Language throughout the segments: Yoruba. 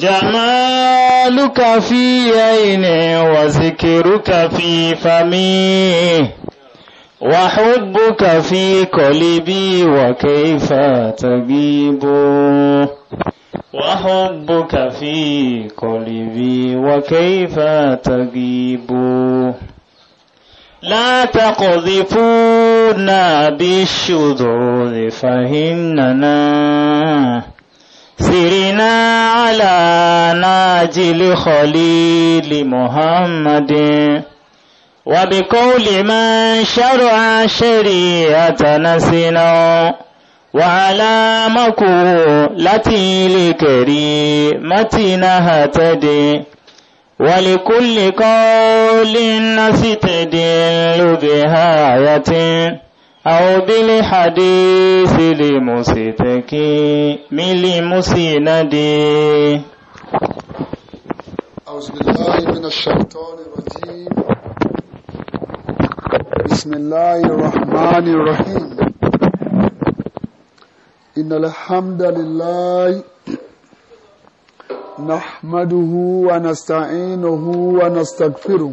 جمالك في عيني وذكرك في فمي وحبك في قلبي وكيف تغيب وحبك في قلبي وكيف تغيب لا تقذفونا بالشذوذ فهننا سرنا على ناجل خليل محمد وبقول من شرع شريعتنا سنا وعلى مقولة لكريمتنا هتدي ولكل قول نستدل بهاية أو بالحديث لمستكي من لمسندي أعوذ بالله من الشيطان الرجيم بسم الله الرحمن الرحيم إن الحمد لله نحمده ونستعينه ونستغفره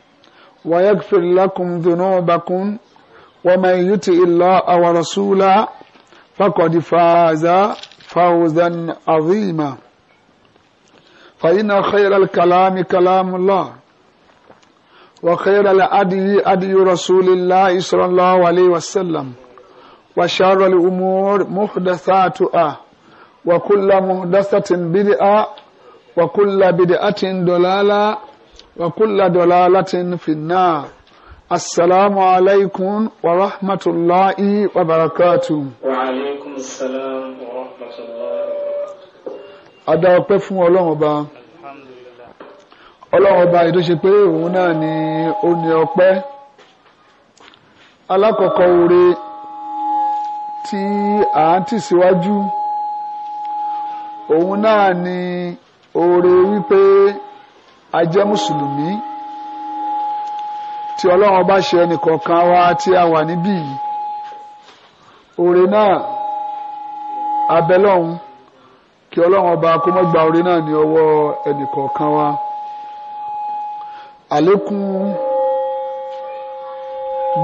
ويغفر لكم ذنوبكم ومن يطع الله ورسوله فقد فاز فوزا عظيما فإن خير الكلام كلام الله وخير الأدي أدي رسول الله صلى الله عليه وسلم وشر الأمور محدثاتها وكل محدثة بدعة وكل بدعة ضلالة وكل ضلالة في النار السلام عليكم ورحمة الله وبركاته وعليكم السلام ورحمة الله Adá ọpẹ́ fún Ọlọ́run ọba. Ọlọ́run ọba yìí tó ṣe pé òun náà ni ó ní ọpẹ́. Alákọ̀ọ́kọ́ oore tí à ń tì síwájú òun náà ni oore wípé a jẹ́ mùsùlùmí tí ọlọ́run bá ṣe ẹnìkọ̀ọ̀kan wa tí a wà níbí yìí oore náà abẹ́lọ́hún kí ọlọ́run ọba kó mọ́ gba oore náà ní ọwọ́ ẹnìkọ̀ọ̀kan wa àlékún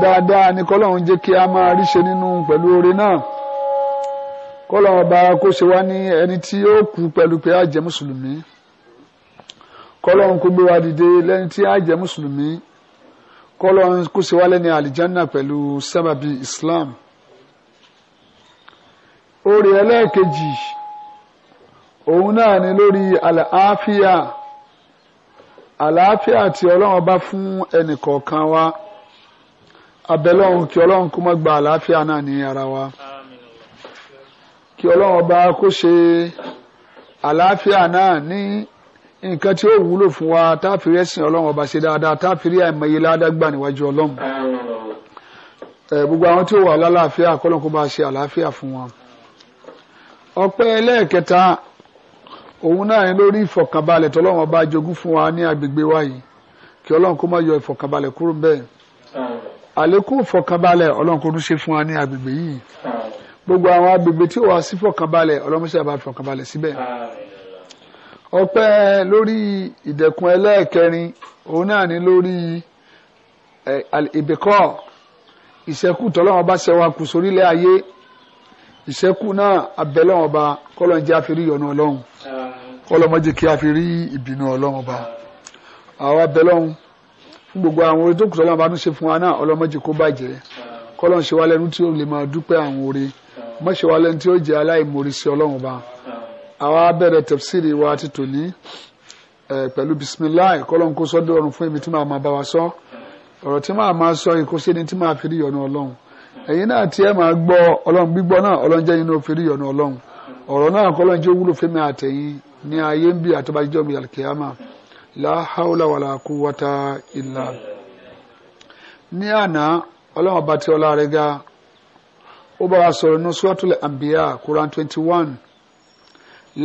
dáadáa ni kọ́lọ́run jẹ́ kí a máa ríṣe nínú pẹ̀lú oore náà kọ́lọ́run ọba kó ṣe wá ní ẹni tí ó kú pẹ̀lú pé a jẹ́ mùsùlùmí kọ́lọ́run kó gbé wa dìde lẹ́ni tí a jẹ́ mùsùlùmí kọ́lọ́run kó ṣe wá lẹ́ni àlìjánà pẹ̀lú sábàbí Islam orí ẹlẹ́ẹ̀kejì òun náà ni lórí àlàáfíà àlàáfíà tí ọlọ́run bá fún ẹnìkọ̀ọ̀kan wa abẹ́lọ́run kí ọlọ́run kó má gba àlàáfíà náà ní ara wa kí ọlọ́run bá kó ṣe àlàáfíà náà ní nǹkan tí ó wúlò fún wa tá a fi rí ẹ̀sìn ọlọ́run ọba ṣe dáadáa tá a fi rí àìmọye ládàgbà níwájú ọlọ́run gbogbo àwọn tí ó wà lálàáfíà kọ́lọ́n kó bá ṣe àlàáfíà fún wọn. ọpẹ́ ẹlẹ́ẹ̀kẹta òun náà ni lórí ìfọ̀kànbalẹ̀ tọ́lọ́run ọba jogún fún wa ní agbègbè wa yìí kí ọlọ́run kó má yọ ìfọ̀kànbalẹ̀ kúrò bẹ́ẹ̀ àlékún ìfọ̀kànbalẹ̀ ọlọ́run kó ọpẹ́ lórí ìdẹ̀kùn ẹlẹ́ẹ̀kẹrin òun náà ni lórí ìbẹ̀kọ́ ìṣẹ́kù tọ́lọ́wọ́n bá ṣẹwà kù sórílẹ̀ ayé ìṣẹ́kù náà abẹ́lẹ́wọ̀n bá kọ́lọ́n jẹ́ àfi rí ìyọnu ọlọ́run kọ́lọ́n mọ́jẹ́ kí a fi rí ìbínú ọlọ́run bá àwọn abẹ́lẹ́wọ̀n fún gbogbo àwọn orí tó kù tọ́lọ́wọ́n bá ń ṣe fún wa náà ọlọ́mọ́jẹ́ kó bàjẹ́ kọ́lọ́n ṣe wá lẹ́nu tí ó lè máa dúpẹ́ àwọn orí mọ́ṣẹ́ wá lẹ́nu tí ó jẹ́ aláìmoore sí ọlọ́run bá àwa bẹ̀rẹ̀ tafsiri wa ti tòní pẹ̀lú bisimilayi kọ́lọ́n kó sọ́dọ̀ ọ̀run fún èmi tí màá máa bá wa sọ ọ̀rọ̀ tí màá máa sọ ìkóṣe ni tí màá fi rí ọ̀nà ọlọ́run ẹ̀yin náà tí ẹ máa gbọ́ ọlọ́run gbígbọ́ náà ọlọ́run jẹ́ yín ló fi rí ọ̀nà ọlọ́run ọ̀rọ̀ náà kọ́lọ́n jẹ́ wúlò fún mi àtẹ̀yìn ní ayé ń bí àtọ́bájọ́ mi alkiyama la hawla wala quwwata illa ní àná ọlọ́run ọba tí ọlá rẹ̀ ga ó bá wa sọ̀rọ̀ ní suratul anbiya quran twenty one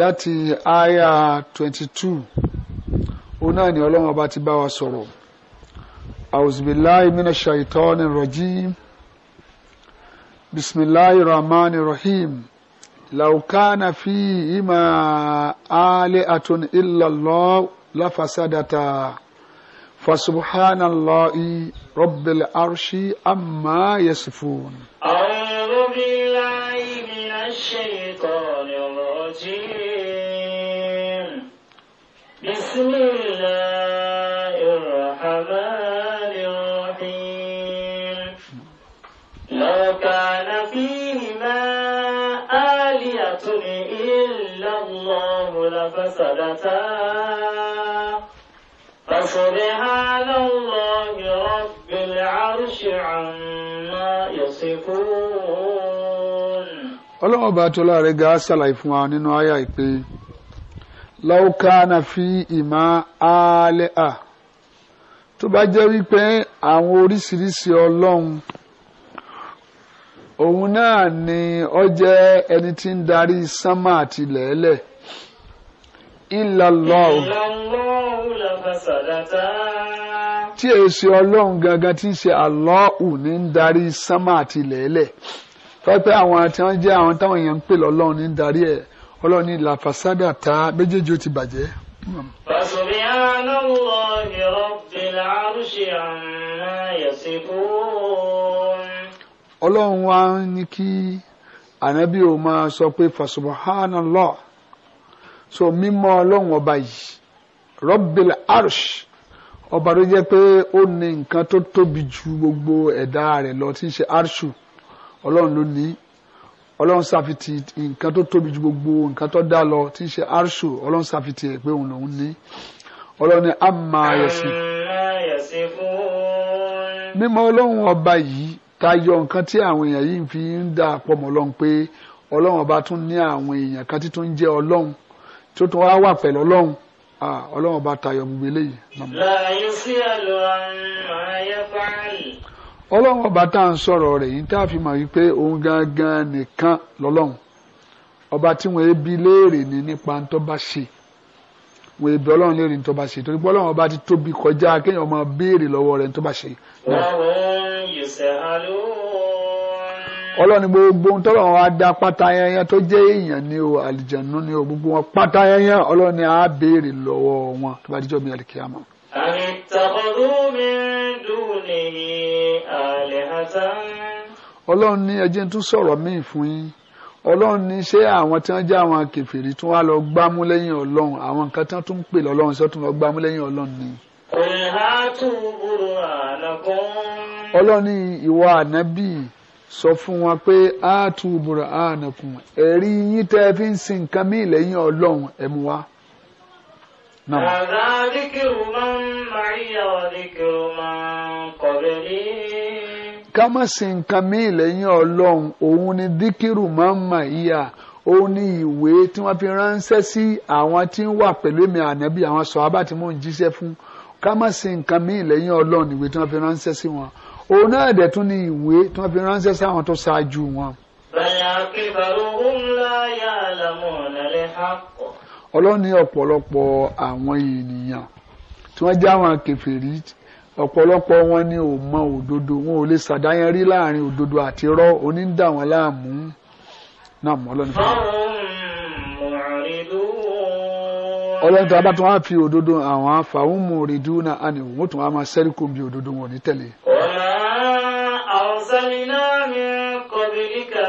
láti àyà 22. two òun náà ni ọlọ́run ọba ti bá wa sọ̀rọ̀ auzubillahi mina shaitani rajim bisimilahi rahman rahim laukana fi ima ali atun illallah lafasadata فسبحان الله رب العرش أما يصفون أعوذ بالله من الشيطان الرجيم بسم الله الرحمن الرحيم لو كان فيهما آلية إلا الله لفسدتا فسبحان الله رب العرش عما يصفون ọlọ́run ọba tó ga ṣàlàyé fún wa nínú àyà ìpè na fi ìmọ̀ àálẹ́ à tó bá jẹ́ wípé àwọn oríṣiríṣi ọlọ́run òun náà ni ọ jẹ́ ẹni tí ń darí sánmà àti tí èsì ọlọ́run gangan ń ṣe ń darí sánmà àti lẹ́ẹ̀lẹ̀. fẹ́pẹ́ àwọn tí wọ́n jẹ́ àwọn táwọn èèyàn ń pè lọ́lọ́run ní darí ẹ̀ ọlọ́run ní la fasada ta méjèèjì ó ti bàjẹ́. Fasubhana Allahi Rabbil Arshi amma yasifun. ọlọ́run wa ní kí ànábì ò máa sọ pé Fasubhana Allah so mímọ́ ọlọ́run ọba yìí Rabbil Arshi ọba ló jẹ́ pé ó ní nǹkan tó tóbi ju gbogbo ẹ̀dá rẹ̀ lọ tí ń ṣe arshu. ọlọ́run ló ní ọlọ́run ṣàfitì nǹkan tó tóbi ju gbogbo nǹkan tó dá lọ tí í ṣe arṣo ọlọ́run ṣàfitì ẹ̀ pé òun lòún ní ọlọ́run ní àmà ayẹ̀sí. mímọ́ ọlọ́run ọba yìí tayọ nǹkan tí àwọn èèyàn yìí fi ń dà pọ̀ mọ́ ọlọ́run pé ọlọ́run ọba tún ní àwọn èèyàn kan tí jẹ́ ọlọ́run tó tún wá wà pẹ̀lú ọlọ́run ọlọ́run ọba tayọ gbogbo eléyìí. láyé sí àlọ́ àrùn àyẹ̀fọ́ àyè ọlọ́run ọba tá à ń sọ̀rọ̀ rẹ̀ yìí tá a fi mọ̀ wípé òun gangan nìkan lọ́lọ́run ọba tí wọ́n ebi léèrè ni nípa ń tó bá ṣe wọ́n ebi ọlọ́run léèrè ń tó bá ṣe torí pé ọlọ́run ọba ti tóbi kọjá kéèyàn máa béèrè lọ́wọ́ rẹ̀ ń tó ṣe. ọlọ́run gbogbo ohun tọ́lọ́run wa dá pátá yẹnyẹn tó jẹ́ èèyàn ni o àlìjànú ni o gbogbo wọn pátá yẹnyẹn ọlọ́run ni a béèrè lọ́wọ́ wọn tó bá dijọ́ mi àlìkíyàmọ́. àmì tàbọ̀dún mi dùn nìyí ọlọ́run ní ẹjẹ́ tún sọ̀rọ̀ míì fún yín ọlọ́run ní ṣé àwọn tí wọ́n jẹ́ àwọn kèfèrí tí wọ́n á lọ gbámú lẹ́yìn ọlọ́run àwọn nǹkan tí wọ́n tún ń pè lọ́lọ́run ṣé lọ gbámú lẹ́yìn ọlọ́run ni. ọlọ́run ní ìwà ànábì sọ fún wọn pé a tu burúhánà fún ẹ̀rí yín tẹ́ fi ń sin nǹkan míì lẹ́yìn ọlọ́run ẹ̀ wa. نعم هذا ذكر من معي وذكر من قبلي ká má ṣe nǹkan míì lẹ́yìn ọlọ́run òun ni díkìrù máa ń mà yíyà òun ni ìwé tí wọ́n fi ránṣẹ́ sí àwọn tí ń wà pẹ̀lú èmi ànábì àwọn sọ̀hábà tí mò ń jíṣẹ́ fún ká má ṣe nǹkan míì ìwé tí wọ́n fi ránṣẹ́ sí wọn òun náà dẹ̀ tún ni ìwé tí wọ́n fi ránṣẹ́ sí àwọn tó ṣáájú wọn. bàyà kí bàrú ọlọ́run ọ̀pọ̀lọpọ̀ àwọn ènìyàn tí wọ́n jẹ́ àwọn ọ̀pọ̀lọpọ̀ wọn ni ò mọ òdodo wọn ò lè ṣàdáyàn rí láàrin òdodo àti irọ́ onídà wọn láàmú náà mọ́ ọlọ́run fún ọlọ́run tí wọ́n bá tún wá fi òdodo àwọn afáwọn mòrìdú náà àni òun tún wá máa ṣẹ́rí kò bí òdodo wọn ní tẹ̀lé. ọ̀la àwùsàn iná mi kọ́ bí kíkà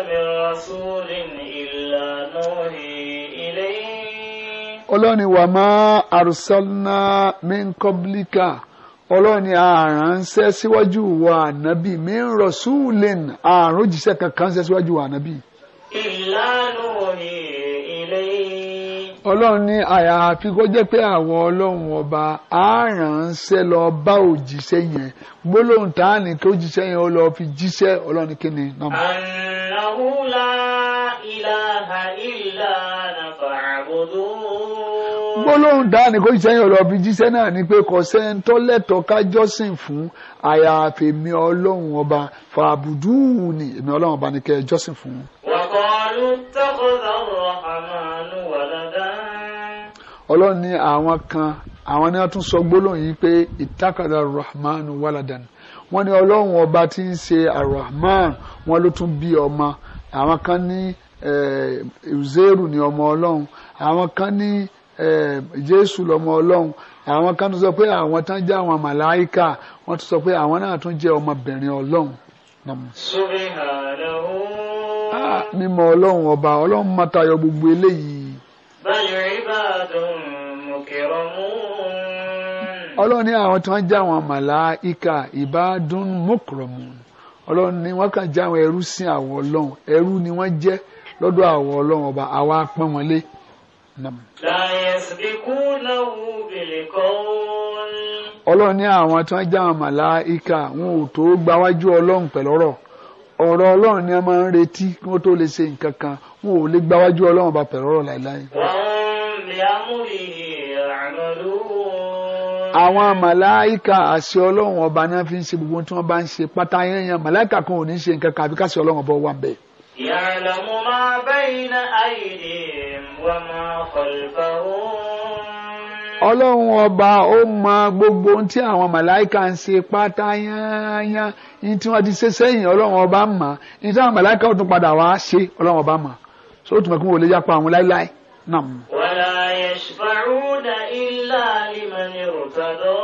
ọlọ́ni wà má àrùsọ́nà mínkọ́blíkà ọlọ́ni àránṣẹ́ síwájú wa ànábì mi ń rọ̀ súùlẹ̀ àrùn jíṣẹ́ kankan ṣe síwájú wa ànábì. ìlànà òní ọlọ́run ní àyàfi kó jẹ́ pé àwọn ọlọ́run ọba àránṣẹ́ lọ bá òjíṣẹ́ yẹn gbólóhùn tá a ní kí òjíṣẹ́ yẹn ó lọ fi jíṣẹ́ ọlọ́run ní kíni náà. ànàhù la ìlàhà ìlà nàfàbùdù. gbólóhùn tá a ní kí òjíṣẹ́ yẹn ó lọ fi jíṣẹ́ náà ni pé kò sẹ́ńtọ́ lẹ́tọ̀ọ́ kájọ́sìn fún àyàfi mi ọlọ́run ọba fàbùdù ni èmi ọlọ́run ọba ní kẹ́ jọ́sìn fún. وقالوا اتخذ الرحمن ولدا ọlọ́run ní àwọn kan àwọn ni wọ́n tún sọ gbólóhùn yìí pé ìtàkàdà rahman waladan wọ́n ní ọlọ́run ọba tí ń ṣe arahman wọ́n ló tún bí ọmọ àwọn kan ní eh, uzeru ní ọmọ ọlọ́run àwọn kan ní eh, jésù lọmọ ọlọ́run àwọn kan tún sọ pé àwọn tán jẹ́ àwọn màláìka wọ́n tún sọ pé àwọn náà tún jẹ́ ọmọbìnrin ọlọ́run. subhanahu mímọ̀ ọlọ́run ọba ọlọ́run máa tayọ gbogbo eléyìí. báyọ̀ ibà dùn mùkìrọ̀ mú. ọlọ́run ní àwọn tí wọ́n já àwọn màláìka ìbádùn mùkìrọ̀ mú ọlọ́run ní wọ́n kàn já àwọn ẹrú sí àwọ̀ ọlọ́run ẹrú ni wọ́n jẹ́ lọ́dọ̀ àwọ̀ ọlọ́run ọba àwa pọ́n wọn lé. ọlọ́run ní àwọn tí wọ́n já àwọn màláìka wọn ò tó gbáwájú ọlọ́run pẹ̀lọ́rọ̀ ọ̀rọ̀ ọlọ́run ni wọ́n máa ń retí kí wọ́n tó lè ṣe nǹkan kan wọn ò lè gbáwájú ọlọ́run bá pẹ̀lú ọ̀rọ̀ láìláì. àwọn màláìka àṣẹ ọlọ́run ọba náà fi ń ṣe gbogbo tí wọ́n bá ń ṣe pátá yẹn màláìka kan ò ní ṣe nǹkan kan àbí káṣẹ ọlọ́run ọba wà bẹ́ẹ̀. ya'lamu ma bayna aydihim wa ma khalfahum ọlọ́run ọba ó mọ gbogbo ohun tí àwọn màláìka ń ṣe pátá yányán ní tí wọ́n ti ṣe sẹ́yìn ọlọ́run ọba mọ̀ ní tí àwọn màláìka ó padà wá ṣe ọlọ́run ọba mọ̀ so ó tún mọ̀ kí wọ́n lè yapa àwọn láíláí náà. wàlá yashfa'una illa liman irtada.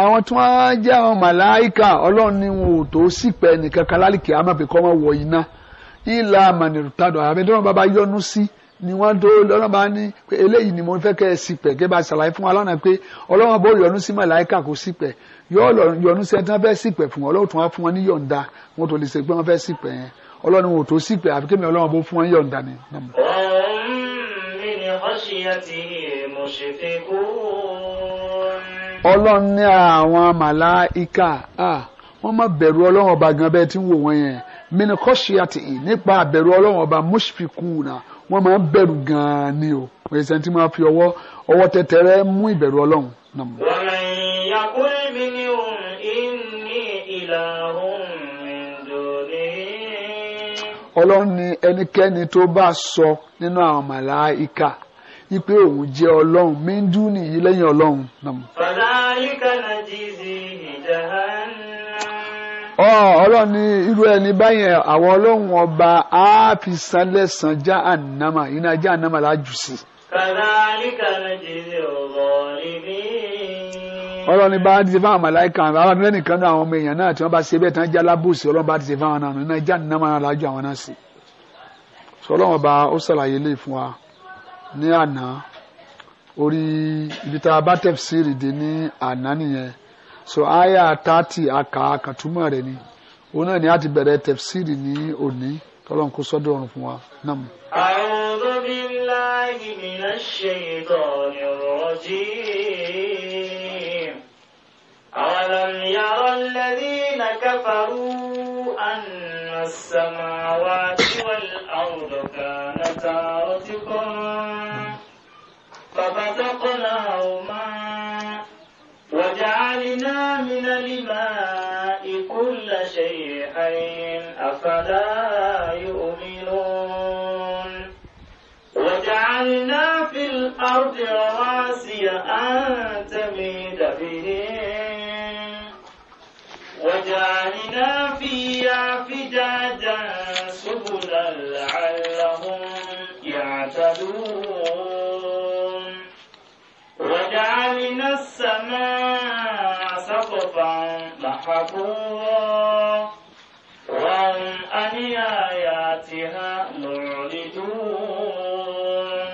àwọn tí wọ́n jẹ́ àwọn màláìka ọlọ́run ni wọn ò tó sípẹ́ nìkan kan lálìkè àmọ́ pé kọ́ mọ́ wọ iná ìlà man irtada àbẹ̀dẹ́rọ̀ bàbá yọ́nú sí. Si ni wọ́n tó lọ́nà bá ní pé eléyìí ni mo fẹ́ kẹ́ ẹ sì pẹ̀ kí ẹ bá ṣàlàyé fún wa lọ́nà pé ọlọ́run bó yọ́nú sí màláìkà kó sì pẹ̀ yóò yọ́nú sí ẹni tí wọ́n fẹ́ sì pẹ̀ fún wọn ọlọ́run tún wá fún wọn ní yọ̀ǹda wọn tó lè ṣe pé wọ́n fẹ́ sì pẹ̀ yẹn ọlọ́run ò tó sì pẹ̀ àfi kémi ọlọ́run bó fún wọn yọ̀ǹda ni. ọlọ́run ní àwọn màláìkà wọ́n má bẹ̀rù ọlọ́run ọba gan bẹ́ẹ̀ tí ń wò wọ́n yẹn mini kọ́ṣíyàtì nípa àbẹ̀rù ọlọ́run ọba mushfikuna wọ́n máa ń bẹ̀rù gan-an ni o òye sẹ́ni tí máa fi ọwọ́ ọwọ́ tẹ̀tẹ̀rẹ́ mú ìbẹ̀rù ọlọ́run náà mú. ọlọ́run ni ẹnikẹ́ni tó bá sọ nínú àwọn màláìka ipe òun jẹ́ ọlọ́run míndú nìyí lẹ́yìn ọlọ́run náà mú. fàlàyé kan náà ìjà hàn. Oh, ọlọ́run ní irú ẹni báyẹn àwọn ọlọ́run ọba á fi san lẹ́sàn já ànámà iná já ànámà lájú sí. kàdáníkà méjìlè ọ̀rọ̀ ìbí. ọlọ́run ní bá ti ṣe fáwọn màláìka àwọn abẹ́nìkan náà àwọn ọmọ èèyàn náà tí wọ́n bá ṣe bẹ́ẹ̀ tán já lábòsí ọlọ́run bá ti ṣe fáwọn náà iná já ànámà lájú àwọn náà sí. sọlọ́run ọba ó ṣàlàyé lè fún wa ní àná orí ibi tá a bá tẹ̀síìrì dé ní àná nìyẹn so aya tati aka akatuma rẹ ni òun náà ni a ti bẹ̀rẹ̀ tẹ̀fsíìrì ní òní kọ́lọ́n kó sọ́dọ̀ ọ̀run fún wa náà. A'udhu billahi minash shaytanir rajim. Awalam yara alladhina kafaru anna as-samawati wal arda kanata سجادا سبلا لعلهم يعتدون وجعلنا السماء سقفا محفوظا وهم عن آياتها معرضون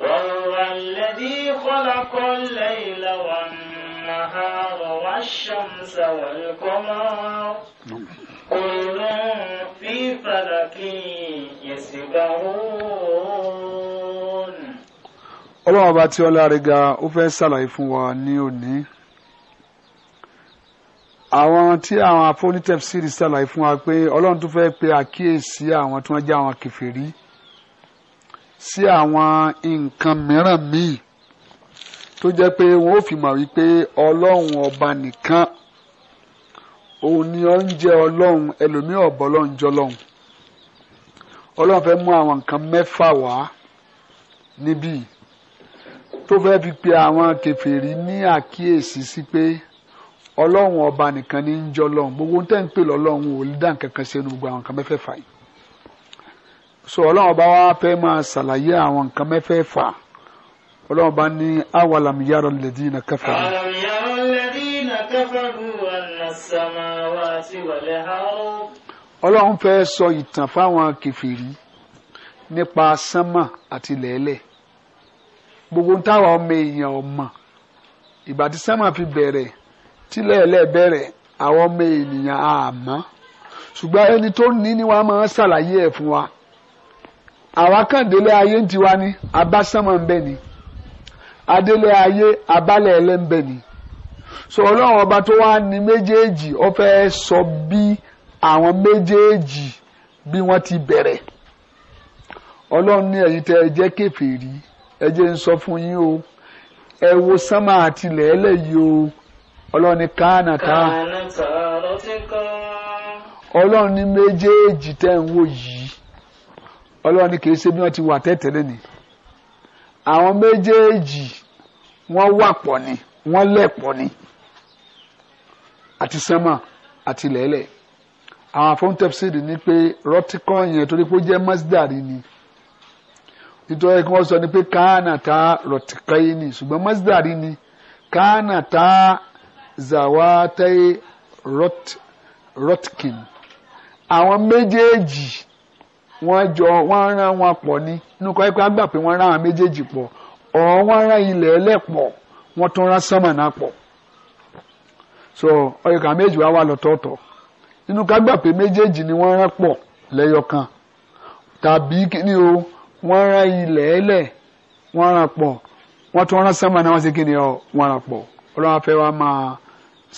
وهو الذي خلق الليل والنهار والشمس والقمر نعم. كل في فلك يسبحون ọlọ́run ọba tí ọlá rẹ̀ ga ó fẹ́ ṣàlàyé fún wa ní òní àwọn tí àwọn afọ́nítẹ̀fsìrì ṣàlàyé fún wa pé ọlọ́run tó fẹ́ pe àkíyèsí àwọn tí wọ́n jẹ́ àwọn kèfèrí sí àwọn nǹkan mìíràn míì tó jẹ́ pé wọ́n ó fi mọ̀ wípé ọlọ́run ọba nìkan òun ni ó ń jẹ ọlọ́run ẹlòmíì ọ̀bọ ọlọ́run jọ ọlọ́run ọlọ́run fẹ́ mú àwọn nǹkan mẹ́fà wá níbí tó fẹ́ fi pe àwọn kèfèrí ní àkíyèsí sí pé ọlọ́run ọba nìkan ní ń jọ gbogbo ń pè lọ́lọ́run ò lè dá nǹkan kan sínú gbogbo àwọn nǹkan mẹ́fẹ̀ẹ̀fà yìí so ọlọ́run ọba wa fẹ́ máa ṣàlàyé àwọn nǹkan mẹ́fẹ̀ẹ̀fà ọlọ́run ọba ní awalam yara alladhina kafaru. awalam yara alladhina kafaru. السماوات والأرض ọlọ́run fẹ́ sọ ìtàn fáwọn kẹfìrí nípa sánmà àti lẹ́lẹ̀ gbogbo táwa ọmọ èèyàn ọmọ ìgbà tí sánmà fi bẹ̀rẹ̀ tí lẹ́lẹ̀ bẹ̀rẹ̀ àwọn ọmọ ènìyàn àmọ́ ṣùgbọ́n ẹni tó ní ni wọ́n máa ń ṣàlàyé ẹ̀ fún wa àwa kàn délé ayé ń tiwa ni abá sánmà ń bẹ ni adélé ayé abálẹ̀ ẹlẹ́ ń bẹ ni so ọlọ́run ọba tó wá ní méjèèjì ó fẹ́ sọ bí àwọn méjèèjì bí wọ́n ti bẹ̀rẹ̀ ọlọ́run ní ẹ̀yin tẹ́ ẹ jẹ́ kèfèrí ẹ jẹ́ ń sọ fún yín o ẹ wo sánmà àti lẹ́lẹ̀ yìí o ọlọ́run ní kánàtà ọlọ́run ní méjèèjì tẹ́ ń wò yìí ọlọ́run ní kìí ṣe bí wọ́n ti wà tẹ́tẹ́lẹ̀ ni àwọn méjèèjì wọ́n wà pọ̀ ni wọ́n lẹ̀ pọ̀ ni àti sánmà àti lẹ́lẹ̀ àwọn afọ́ntẹ́psìdì ni pé rọ́tíkọ́ yẹn torí pé ó jẹ́ masdari ni nítorí kí wọ́n sọ ni pé káànà tá rọ̀tíkọ́ ni ṣùgbọ́n masdari ni káànà tá zawatai rot rotkin àwọn méjèèjì wọ́n jọ wọ́n rán wọn pọ̀ ni inú kọ́ ẹ́ pé àgbà pé wọ́n rán àwọn méjèèjì pọ̀ ọ̀ wọ́n rán ilẹ̀ ẹlẹ́pọ̀ wọ́n tún rán sánmà pọ̀ so ọyọkàn méjì wá wà lọ́tọ̀ọ̀tọ̀ nínú ká gbà pé méjèèjì ni wọ́n rán pọ̀ lẹ́yọkan tàbí kíni o wọ́n rán ilẹ̀ ẹlẹ̀ wọ́n rán pọ̀ wọ́n tún rán sánmà náà wọ́n ṣe kíni o wọ́n rán pọ̀ ọlọ́run afẹ́ wa máa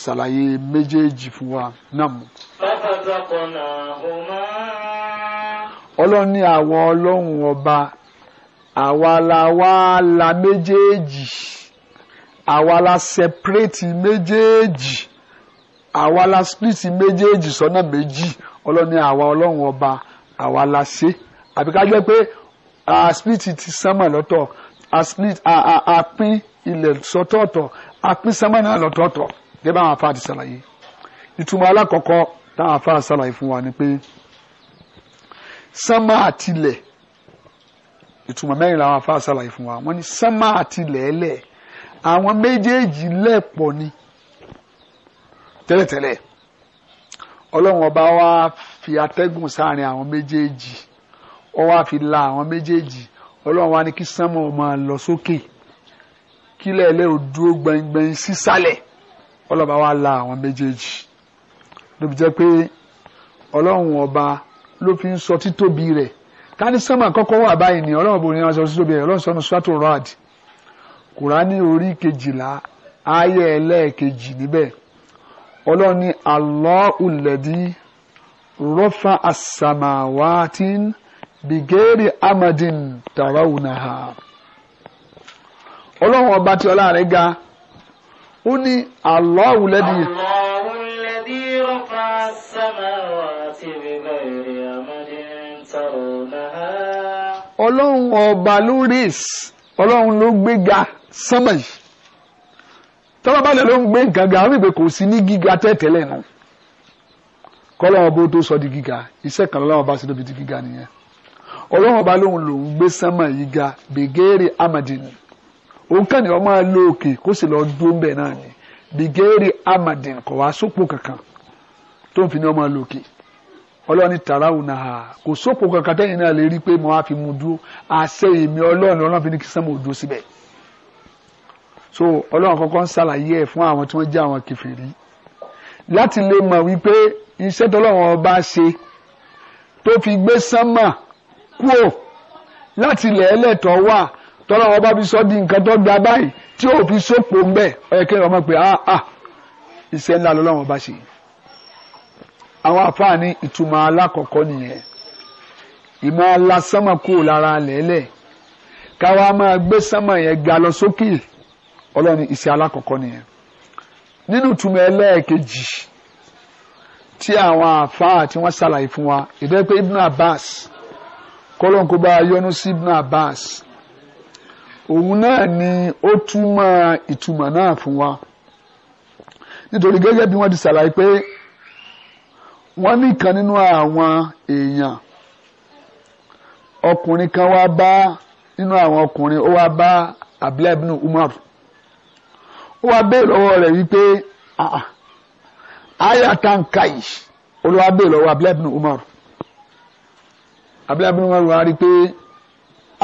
ṣàlàyé méjèèjì fún wa náà mú. ọlọ́run ní àwọn ọlọ́run ọba àwa la wá la méjèèjì àwa la separate méjèèjì àwa la split méjèèjì sọ́nà méjì ọlọ́ni àwa ọlọ́run ọba àwa la ṣe àbí ká jẹ́ pé a split ti sánmà lọ́tọ̀ a split a a a pín ilẹ̀ sọ́tọ̀ọ̀tọ̀ a pín sánmà náà lọ́tọ̀ọ̀tọ̀ gẹ́gẹ́ bá àwọn afáà ti ṣàlàyé ìtumọ̀ alákọ̀ọ́kọ́ táwọn afáà ṣàlàyé fún wa ni pé sánmà àtilẹ̀ ìtumọ̀ mẹ́rin làwọn afáà ṣàlàyé fún wa wọ́n ní sánmà àtilẹ̀ ẹlẹ́ẹ̀ àwọn méjèèjì lẹ̀pọ̀ ni tẹ́lẹ̀tẹ́lẹ̀ ọlọ́run ọba wa fi atẹ́gùn sáàrin àwọn méjèèjì ó wá fi la àwọn méjèèjì ọlọ́run wa ní kí sánmọ̀ máa lọ sókè kílẹ̀ ilé ò dúró gbẹngbẹng sísàlẹ̀ ọlọ́run ọba wa la àwọn méjèèjì lóbi jẹ́ pé ọlọ́run ọba ló fi ń sọ títóbi rẹ̀ ká ní sánmọ̀ àkọ́kọ́ wà báyìí ni ọlọ́run ọba ò ní wọn sọ títóbi rẹ̀ ọlọ́run sọ ní sọ́tò rọ́ọ̀dì kùránì orí kejìlá ayé ẹlẹ́ẹ̀kejì níbẹ̀ ọlọ́run ní Allahu lẹ́dí rọ́fà àsàmàwátì bìgẹ́rì amadin tàràwùnàhà ọlọ́run ọba tí ọlá rẹ̀ ga ó ní Allahu lẹ́dí. ọlọ́run ọba lórí ọlọ́run ló gbéga. sánmọ̀ yìí tọ́lá balẹ̀ ló ń gbé nǹkan ga si kò sí ní gíga tẹ́tẹ́lẹ̀ nù kọ́lọ́wọ́ bó tó sọ di gíga iṣẹ́ kan lọ́wọ́ bá ṣe ọlọ́wọ́ bá lóun gbé ga amadini òun kàn ní ọmọ lọ òkè kó sì lọ dúró ń bẹ̀ náà ni bègéèrè amadini kò wá sópò kankan tó ń fi ní ọmọ lọ òkè kò kankan tẹ́yìn so ọlọ́run kọ́kọ́ ń ṣàlàyé ẹ̀ fún àwọn tí wọ́n jẹ́ àwọn kèfèrí láti lè mọ̀ wípé iṣẹ́ tọ́lọ́run ọba ṣe tó fi gbé sánmà kúò láti ilẹ̀ ẹlẹ́tọ̀ wà tọ́lọ́run ọba fi sọ di nǹkan tó gba báyìí tí ò fi sópo ń bẹ̀ ó yẹ kí ọmọ pé ah ah iṣẹ́ ńlá lọ́lọ́run ọba ṣe àwọn àfáàní ìtumọ̀ alákọ̀ọ́kọ́ nìyẹn ìmọ̀ alasánmà kúò lára lẹ́lẹ̀ káwa máa gbé sánmà yẹn ga lọ sókè. So ọlọ́run iṣẹ́ alákọ̀ọ́kọ́ nìyẹn nínú ìtumọ̀ ẹlẹ́ẹ̀kejì tí àwọn àfáà tí wọ́n ṣàlàyé fún wa ìdẹ́ pé Ibn Abbas kọ́lọ́nkó bá sí Ibn Abbas òun náà ni ó túmọ̀ ìtumọ̀ náà fún wa nítorí gẹ́gẹ́ bí wọ́n ti ṣàlàyé pé wọ́n ní kan nínú àwọn èèyàn ọkùnrin kan wá bá nínú àwọn ọkùnrin ó wá bá Abdullahi ibn Umar ó wá béèrè lọ́wọ́ rẹ̀ wípé ah, ah, ayatan kai olúwa béèrè lọ́wọ́ abúlẹ́bùnú umar abúlẹ́bùnú umar wá rí pé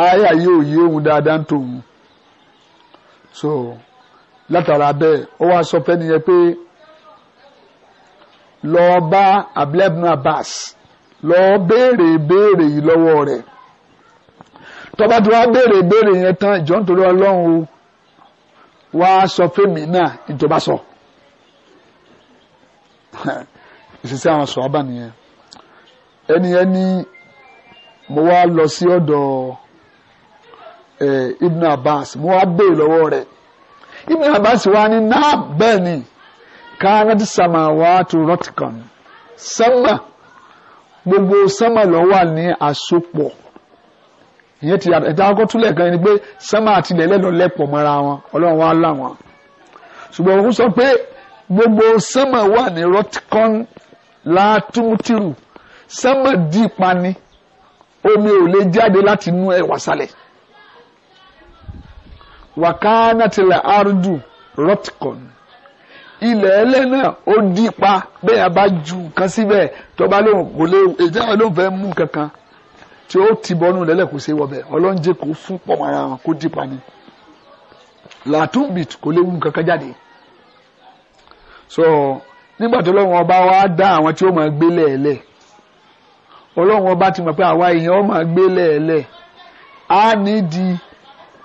aya yóò yí òun dáadáa ń tòun so látara bẹ́ẹ̀ ó wá sọ fẹ́ nìyẹn pé lọ́ọ́ bá abúlẹ́bùnú abbas lọ́ọ́ béèrè béèrè yìí lọ́wọ́ rẹ̀ tọ́ba tí wọ́n béèrè béèrè yẹn tán ìjọ́ nítorí ọlọ́run o wá sọ fẹ́mi náà ìjọba sọ ìṣiṣẹ́ àwọn sọ ọba nìyẹn ẹni ẹni mo wá lọ sí ọ̀dọ̀ Ibn Abbas mo wá béè lọ́wọ́ rẹ̀ Ibn Abbas wá ní náà bẹ́ẹ̀ ni kánà ti sàmà wá tó rọ́tìkan sánmà gbogbo sánmà ló wà ní àsopọ̀ ìyẹn ti ẹ̀dá ọkọ̀ túlẹ̀ kan ni pé sánmà àti ilẹ̀ lẹ́nu lẹ́pọ̀ mọ́ra wọn ọlọ́run wa là wọn. ṣùgbọ́n òun sọ pé gbogbo sánmà wà ní rọtikọ́n látúmútìrù sánmà dì pani omi ò lè jáde láti inú ẹ̀ wàsálẹ̀. wàkánà tilẹ̀ àrùdù rọtikọ́n ilẹ̀ ẹlẹ́ náà ó dì pa bẹ́ẹ̀ bá ju nǹkan síbẹ̀ tó lóun kò lè èjì àwọn fẹ́ mú kankan tí ó ti bọ́nú lẹ́lẹ̀ kò ṣe wọbẹ̀ ọlọ́njẹ kò fún pọ̀mọ́ ara wọn kó dípa ni làtúbìt kò lè kankan jáde so nígbà tó lọ́wọ́ ọba wa dá àwọn tí ó máa gbé lẹ́ẹ̀lẹ́ ọlọ́run ọba ti mọ̀ pé àwa èèyàn ó máa gbé lẹ́ẹ̀lẹ́ á nídìí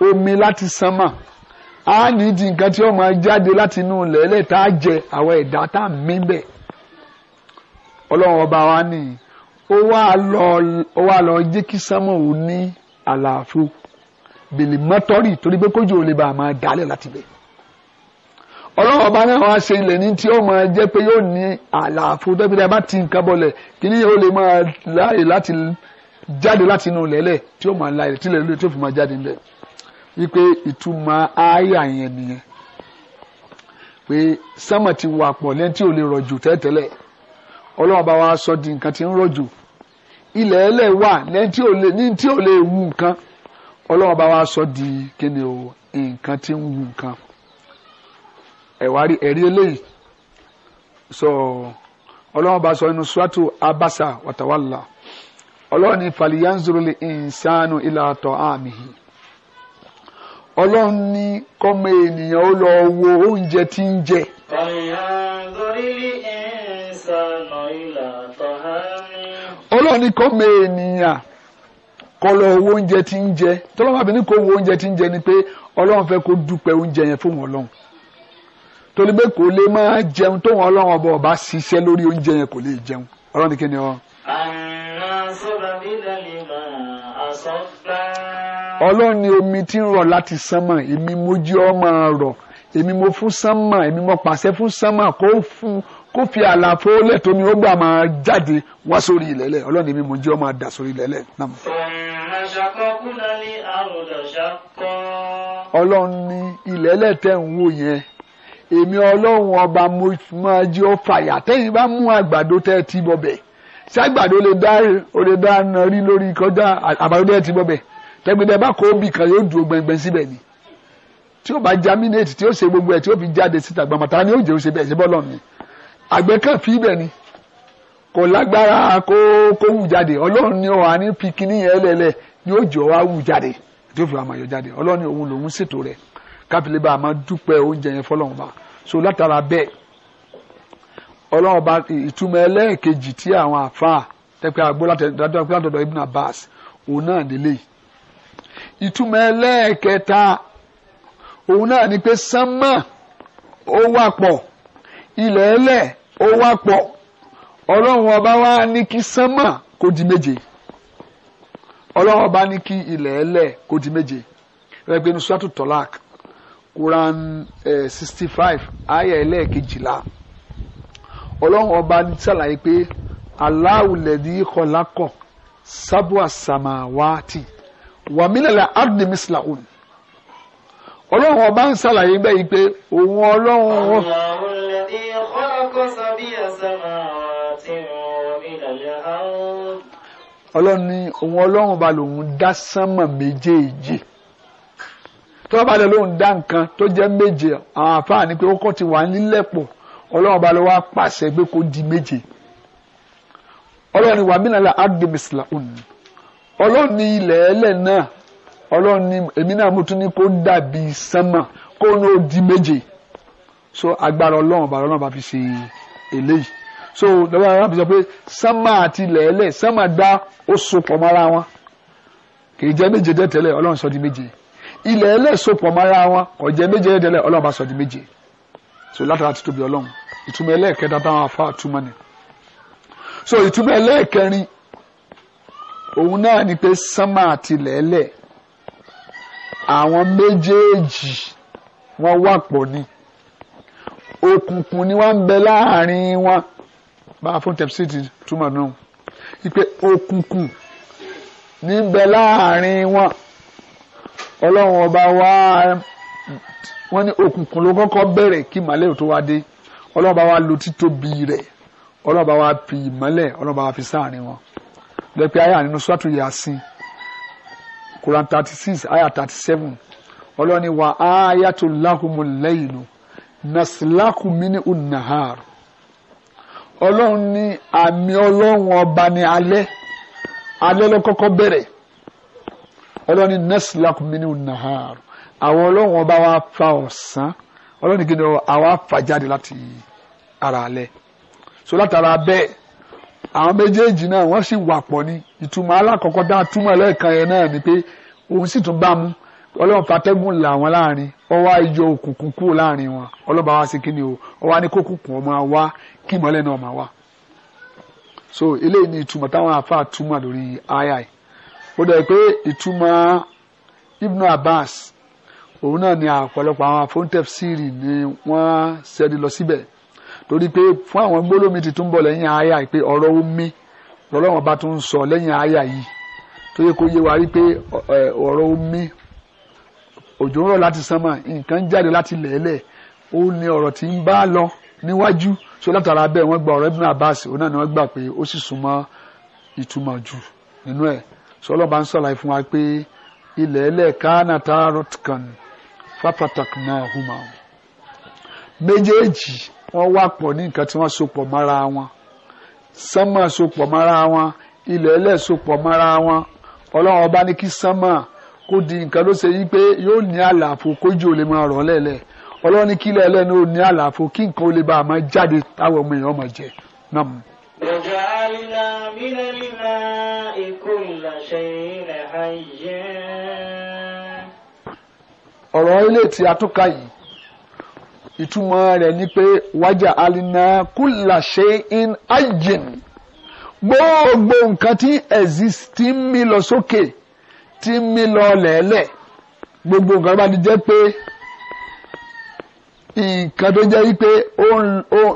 omi láti sánmà á nídìí nǹkan tí ó máa jáde láti inú lẹ́ẹ̀lẹ́ tá a jẹ àwọn ẹ̀dá tá a mí bẹ́ẹ̀ ọlọ́run ọba wa nìyí ó wá lọ ó wá lọ jẹ́ kí sánmọ̀ ò ní àlàáfíà bèlè mọ́tọ́rì torí pé kójú ò lè bá a máa dálẹ̀ láti bẹ̀. ọlọ́wọ́ bá náà wá ṣe ilẹ̀ ní tí ó máa jẹ́ pé yóò ní àlàáfíà tó fi dá bá ti nǹkan bọ̀lẹ̀ kí ni ó lè máa láàyè láti jáde láti inú lẹ́lẹ̀ tí ó máa láàyè tí lẹ́lẹ̀ tí ó fi máa jáde ńlẹ̀ wípé ìtumọ̀ àyà yẹn nìyẹn pé sánmọ̀ ti wà pọ̀ lẹ́ni tí ò lè rọ̀jù tẹ́tẹ́lẹ̀ ọlọ́wọ́ bá wá sọ di nǹkan tí ń rọ̀jù ilẹ̀ ẹlẹ̀ wà ní tí ò lè wú nǹkan ọlọ́run bá wa sọ di kíni o nǹkan tí ń wú nǹkan ẹ̀wárí ẹ̀rí eléyìí sọ ọlọ́run bá sọ nínú suwátò abasa wàtàwálà ọlọ́run ní fàlìyànzúrólè ìsánú ilà àtọ̀ àmì yìí ọlọ́run ní kọ́mọ ènìyàn ó lọ wo oúnjẹ tí ń jẹ. fàlìyànzúrólè ìsánú ilà ọlọ́run ní kó mọ ènìyàn kó lọ owó oúnjẹ tí ń jẹ tọ́lọ́mọ àbí ní kó wo oúnjẹ tí ń jẹ ni pé ọlọ́run fẹ́ kó dúpẹ́ oúnjẹ yẹn fún wọn lọ́hùn torí pé kò lè máa jẹun tóun ọlọ́run ọba ọba ṣiṣẹ́ lórí oúnjẹ yẹn kò lè jẹun ọlọ́run ní kí ni ọ. ọlọ́run ni omi tí ń rọ̀ láti sánmọ̀ èmi mo jí ọ rọ̀ èmi mo fún sánmọ̀ èmi mo pàṣẹ fún sánmọ̀ kó fún kó fi àlàfo lẹ́tọ́ mi ó gbà máa jáde wá sórí ilẹ̀lẹ̀ ọlọ́run mi mo jẹ́ ọ máa dà sórí ilẹ̀lẹ̀ náà. ọlọ́run ní ilẹ̀lẹ̀ tẹ̀ ń wò yẹn èmi ọlọ́run ọba mo máa jẹ́ ọ fàyà tẹ́yìn bá mú àgbàdo tẹ́ ti bọ̀bẹ̀ ṣé àgbàdo lè dá olè dá nàrí lórí kọjá àbàdo tẹ́ ti bọ̀bẹ̀ tẹ́gbẹ́dẹ́ bá kó bì kan yóò dúró gbẹngbẹ́n síbẹ̀ ni tí ó bá germinate tí ó ṣe gbogbo ẹ̀ tí ó fi jáde síta gbàmọ̀tá ni ó jẹ́ ó ṣe bọ́ lọ́run ni àgbẹ̀ kàn fi ibẹ̀ ni kò lágbára kó kó wù jáde ọlọ́run ni wà ní pikini yẹn lẹ́lẹ̀ ni ó jọ wá wù jáde tí ó fi àmọ̀ jáde ọlọ́run ni òun lòun ṣètò rẹ̀ káfílẹ̀ bá a máa dúpẹ́ oúnjẹ yẹn fọlọ́run bá so látara bẹ́ẹ̀ ọlọ́run bá ìtumọ̀ ẹlẹ́ẹ̀kejì tí àwọn àfáà tẹ́pẹ́ agbólatọ̀dọ̀ Ibn Abbas òun náà nílé ìtumọ̀ ẹlẹ́ẹ̀kẹta òun náà ni pé sánmà ó wà pọ̀ ilẹ̀ ẹlẹ̀ ó wá pọ̀ ọlọ́run ọba wa ní kí sánmà kó di méje ọlọ́run ọba ní kí ilẹ̀ ẹlẹ̀ kó di méje rẹ̀gbẹ́ ní sùwàtú tọ́lák quran sixty five ayé ẹlẹ́ẹ̀kejìlá ọlọ́run ọba ní sàlàyé pé aláwùlẹ̀dí kọlákọ̀ sábúà sàmáwátì wàmílẹ̀lẹ̀ adnimislaun ọlọ́run ọba ń sàlàyé bẹ́ẹ̀ yìí pé òun ọlọ́run. فوق سبع سماوات ومن الأرض ọlọ́run ní òun ọlọ́run ba lòun dá sánmà méjèèjì tó bá lè lóun dá nǹkan tó jẹ́ méje àwọn àfáà ní pé ó kọ́ ti wà nílẹ̀ ọlọ́run ba ló wá pàṣẹ pé kó di méje ọlọ́run wà mí nàlá adébísílà òní ọlọ́run ní ilẹ̀ ẹlẹ̀ náà ọlọ́run ní èmi náà mo tún ní kó dàbí sánmà kó ní ó di méje so agbára ọlọ́run ọba ọlọ́run ọba fi ṣe eléyìí so lọ́wọ́ ara fi sọ pé sánmà àti lẹ́ẹ̀lẹ́ sánmà dá ó so pọ̀ mọ́ra wọn kì í jẹ́ méje dẹ́ tẹ́lẹ̀ ọlọ́run sọ di méje ilẹ̀ ẹlẹ́ so pọ̀ mọ́ra wọn kò jẹ́ méje dẹ́ tẹ́lẹ̀ ọlọ́run bá sọ di méje so látara ti tóbi ọlọ́run ìtumọ̀ ẹlẹ́ẹ̀kẹta táwọn afá túmọ̀ ni so ìtumọ̀ ẹlẹ́ẹ̀kẹrin òun náà ni pé sánmà àti lẹ́ẹ̀lẹ́ àwọn méjèèjì wọ́n wà pọ̀ ni òkùnkùn ni wọ́n ń bẹ láàrin wọn báwa fún tẹ̀síìtì túmọ̀ náà wípé òkùnkùn ní bẹ láàrin wọn ọlọ́run ọba wa wọ́n ní òkùnkùn ló kọ́kọ́ bẹ̀rẹ̀ kí màlẹ́ ò tó wá dé ọlọ́run ọba wa lo títóbi rẹ̀ ọlọ́run ọba wa fi ìmọ́lẹ̀ ọlọ́run ọba wa fi sáàrin wọn lẹ́pẹ́ àyà nínú sọ́tù yasin Quran thirty six àyà thirty seven ọlọ́run ni wà á yàtọ̀ láhùnmọ̀ lẹ́yìn lò nasilaku mini unahar ọlọ́run ní àmì ọlọ́run ọba ní alẹ alẹ ló kọkọ bẹ̀rẹ̀ ọlọ́run ní nasilaku mini unahar àwọn ọlọ́run ọba wa fa ọ̀sán ọlọ́run ní kí ni àwa fà jáde láti ara alẹ so látara bẹ́ẹ̀ àwọn méjèèjì náà wọ́n sì wà pọ̀ ní ìtumọ̀ alákọ̀ọ́kọ́ dá túmọ̀ lẹ́ẹ̀kan yẹn náà ni pé òun sì tún bá mu. ọlọ́run fatẹ́gùn là wọn láàrin ó wá yọ òkùnkùn kúrò láàrin wọn ọlọ́ba wa sí kíni o ó wá ní kókùnkùn ọmọ wa kí ìmọ́lẹ̀ náà máa wà. so eléyìí ni ìtumọ̀ táwọn afáà túmọ̀ lórí aya yìí ó dẹ̀ pé ìtumọ̀ Ibn Abbas òun náà ni àpọ̀lọpọ̀ àwọn afọ́ńtẹ́f sírì ni wọ́n ṣẹ́ni lọ síbẹ̀ torí pé fún àwọn gbólómi ti tún bọ̀ lẹ́yìn aya yìí pé ọ̀rọ̀ omi lọ́lọ́wọ́n bá tún sọ lẹ́yìn aya yìí tó kó yé wa rí pé ọ̀rọ̀ omi òjò lati láti sánmà nǹkan jáde láti lẹ̀ẹ́lẹ̀ ó ní ọ̀rọ̀ tí ń bá lọ níwájú so látara bẹ́ẹ̀ wọ́n gba ọ̀rọ̀ Ibn Abbas òun náà ni wọ́n gbà pé ó sì súnmọ́ ìtumọ̀ jù nínú ẹ̀ sọlọ́ bá ń sọ̀rọ̀ fún wa pé ilẹ̀ ẹlẹ́ẹ̀kánà tarot fapatak náà huma méjèèjì wọ́n wà pọ̀ ní nǹkan tí wọ́n wọn sánmà so pọ̀ wọn ilẹ̀ wọn ọlọ́run ọba ní kí kó di nǹkan ló ṣe yí pé yóò ní àlàfo kójú ò lè máa rọ̀ lẹ́lẹ̀ ọlọ́ni kílẹ̀ ẹlẹ́ni ò ní àlàfo kí nǹkan ó lè bá a máa jáde táwọn ọmọ èèyàn máa jẹ náà. وجعلنا من ọ̀rọ̀ ilé tí a tún ka yìí ìtumọ̀ rẹ̀ ni pé wájà alina kúlà ṣe in ajin gbogbo nǹkan tí exist ń mi lọ sókè. So tí ń mí lọ lẹ́lẹ̀ gbogbo nǹkan bá ti jẹ́ pé nǹkan tó jẹ́ wípé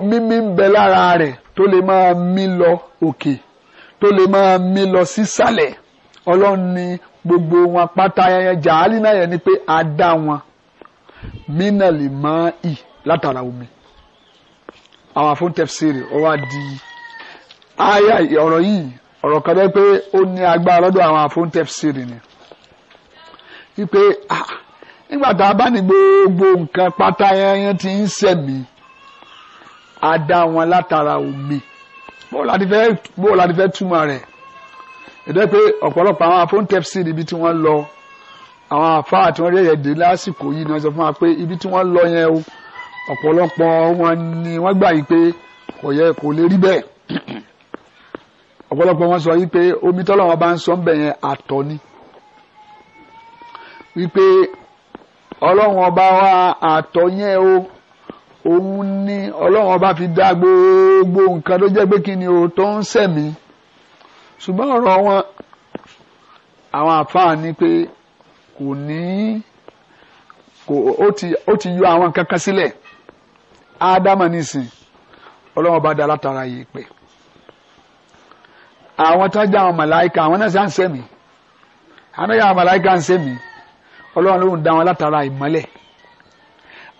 mímí ń bẹ lára rẹ̀ tó lè máa mí lọ òkè tó lè máa mí lọ sísàlẹ̀ ọlọ́run ni gbogbo wọn pátá yẹn jàálì náà yẹn ni pé a dá wọn mínà lè mọ ì látara omi àwọn afúntẹ̀síìrì ó wá di àyà ọ̀rọ̀ yìí ọ̀rọ̀ kan bẹ́ẹ̀ pé ó ní agbára lọ́dọ̀ àwọn afúntẹ̀síìrì ni wípé nígbà tá a bá ní gbogbo nǹkan pátá yẹn ti ń sẹ̀mí a dá wọn látara omi bóò láti fẹ́ bóò láti fẹ́ túmọ̀ rẹ̀ ìdọ́ pé ọ̀pọ̀lọpọ̀ àwọn afóńtẹ́psì níbi tí wọ́n lọ àwọn àfáà tí wọ́n rí ẹ̀yẹ̀ dé lásìkò yìí ni wọ́n sọ fún wa pé ibi tí wọ́n lọ yẹn o ọ̀pọ̀lọpọ̀ wọn ni wọ́n gbà yìí pé kò yẹ kò lè rí bẹ́ẹ̀ ọ̀pọ̀lọpọ̀ wọn sọ yìí pé omi tọ́lọ́wọ́n bá ń sọ ń bẹ̀ yẹn àtọ̀ ni wípé ọlọ́run ọba wa àtọ̀yẹ́ o òun ni ọlọ́run ọba fi dá gbogbo nǹkan ló jẹ́ pé kí ni o tó ń sẹ̀mí ṣùgbọ́n ọ̀rọ̀ wọn àwọn àfáà ni pé kò ní kò ó ti yọ àwọn kankan sílẹ̀ ádámà nìsín ọlọ́run ọba dá látara yìí pé àwọn tó ń jẹ́ àwọn màláìka àwọn náà ṣe à ń sẹ̀mí àwọn náà yà àwọn màláìka ń sẹ̀mí ọlọ́run ló ń dá wọn látara ìmọ́lẹ̀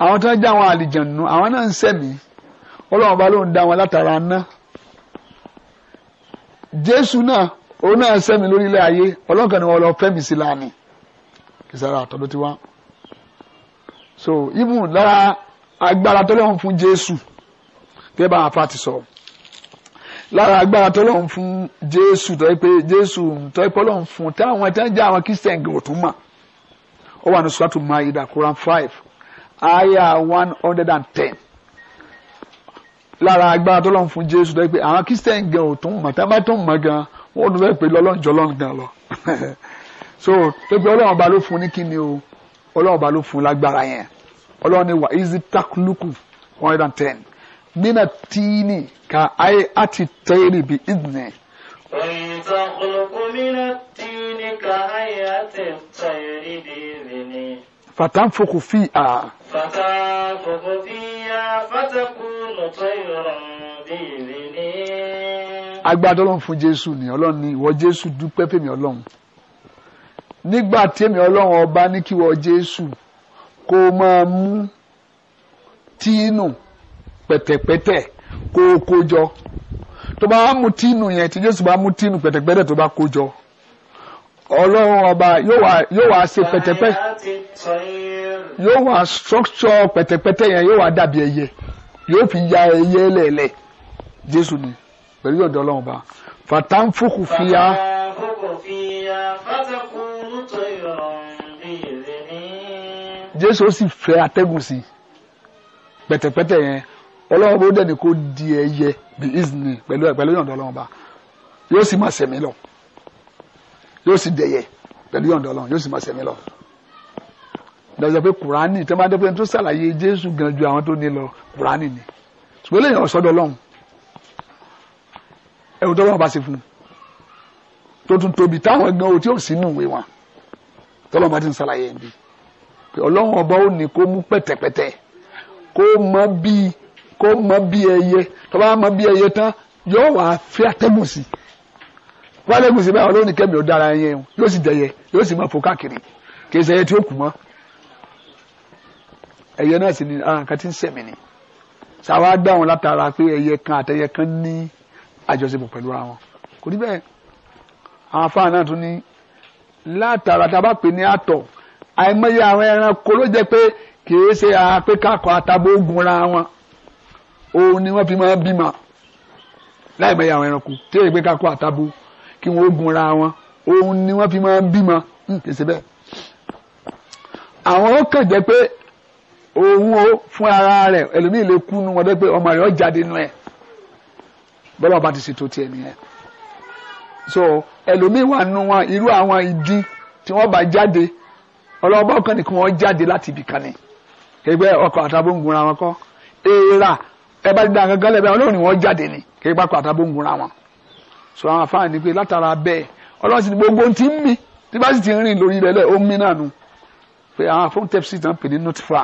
àwọn tó ń já àwọn àlìjànù àwọn náà ń sẹ̀mí ọlọ́run bá ló ń dá wọn látara ná jésù náà òun náà sẹ̀mí lórílẹ̀ ayé ọlọ́run kan ni wọ́n lọ fẹ́mi sí lánìí kì í sára àtọ́dọ́ ti wá so ibùn lára agbára tọ́lọ́run fún jésù gẹ́gẹ́ bá àfa ti sọ lára agbára tọ́lọ́run fún jésù tọ́ pé jésù tọ́ pé ọlọ́run fún táwọn ẹ̀tẹ́ ń já àwọn kristian gòtún mọ́ ó wà ní suratu maida quran five ayah one hundred and ten lára agbára tó lọ́n fún jésù tó yẹ pé àwọn kristian gan ò tún mọ̀ tá a bá tún mọ̀ gan wọn ò ní pé lọ́lọ́njọ́ lọ́n gan lọ so tó pé ọlọ́run ọba ló fún ní kíni o ọlọ́run ọba ló fún lágbára yẹn ọlọ́run ni wà easy takuluku one hundred and ten mina tíìnì ka ayé àti tẹ́rì bí ìdìnnẹ́. ọ̀yìn takuluku mina كهيئة الطير بإذنه فتنفخ فيها فتنفخ فيها فتكون طيرا بإذنه agbada Ọlọ́run fún Jésù ni Ọlọ́run ni ìwọ Jésù dúpẹ́ fèmí Ọlọ́run nígbà tèmi Ọlọ́run ọba ní kíwọ Jésù kó máa mú tíínù pẹ̀tẹ̀pẹ̀tẹ̀ kó o kó jọ tó bá mú tíínù yẹn tí Jésù bá mú tíínù pẹ̀tẹ̀pẹ̀tẹ̀ tó bá kó jọ ọlọ́run ọba yóò wá ṣe pẹ̀tẹ́pẹ́ yóò wá structure pẹ̀tẹ́pẹ́tẹ́ yẹn yóò wá dàbí ẹyẹ yóò fi ya ẹyẹ lẹ̀lẹ̀ jésù ni pẹ̀lú ọ̀dọ̀ ọlọ́run ọba fatanfuku fiya. jésù sì fẹ́ atẹ́gùn sí pẹ̀tẹ́pẹ́tẹ́ yẹn ọlọ́run bó dẹ̀ ni kó di ẹyẹ bí isni pẹ̀lú ọ̀dọ̀ ọlọ́run ọba yóò sì máa sẹ̀mí lọ yóò sì dẹ̀yẹ pẹ̀lú yọ̀ǹda ọlọ́run yóò sì máa sẹ̀mí lọ. dàbí pé kùránì tẹ́ máa dẹ́ pé tó ṣàlàyé jésù gan ju àwọn tó ní lọ kùránì ni ṣùgbọ́n eléyìí ọ̀sọ́ dọ́lọ́run ẹ̀rù tó lọ́run bá ṣe fún un tó tún tóbi táwọn gan o tí ò sínú ìwé wọn tọ́lọ́run bá ti ń ṣàlàyé ẹ̀ bí ọlọ́run ọba ó ní kó mú pẹ̀tẹ̀pẹ̀tẹ̀ kó mọ bí kó mọ bí ẹyẹ tó bá mọ bí ẹyẹ tán yóò wá fi atẹ́gùn sí i wọ́n lẹ́gùn sí báyìí ọlọ́run kẹ́mi ò dára yẹn o yóò sì dẹ̀yẹ yóò sì máa fò káàkiri kì í ṣẹyẹ tí ó kù mọ́ ẹyẹ náà sì ni nǹkan tí ń sẹ̀mí ni sàwa gbà wọn látara pé ẹyẹ kan àtẹyẹ kan ní àjọṣepọ̀ pẹ̀lú àwọn kò ní bẹ́ẹ̀ àwọn afáà náà tún ní látara tá a bá pè ní àtọ̀ àìmọye àwọn ẹranko ló jẹ́ pé kì ṣe àpékàkọ àtàbó ra wọn òun ni wọ́n fi máa bímọ láìmọye àwọn ẹranko tí èyí pé kakọ àtàbó kí wọ́n gunra wọn òun ni wọ́n fi máa ń bímọ hmm, kì í ṣe bẹ́ẹ̀. àwọn ó kàn jẹ́ pé òun ó fún ara rẹ̀ ẹlòmíì lè kú nu wọn dẹ́ pé ọmọ rẹ̀ ó jáde nù ẹ̀ bọ́lá ọba ti ṣètò tiẹ̀ nìyẹn. so ẹlòmíì wà nù wọn irú àwọn ìdí tí wọ́n bá jáde ọlọ́ọ̀bá ọkàn nìkan wọ́n jáde láti ibìkan ni kẹgbẹ́ ọkọ̀ àtàbó ń gunra wọn kọ́ èèrà ẹ bá ti dá àgàgà lẹ́bẹ̀ẹ́ ọlọ́run ni wọ́n jáde ni kẹgbẹ́ ọkọ̀ àtàbó ń gunra wọn so àwọn afáàní pé látara bẹ́ẹ̀ ọlọ́run sì ní gbogbo ti ń mi tí bá sì ti rìn lórí rẹ̀ lẹ́ omi náà nu pé àwọn afọ́n tẹ́pìsì tán pè ní nutfa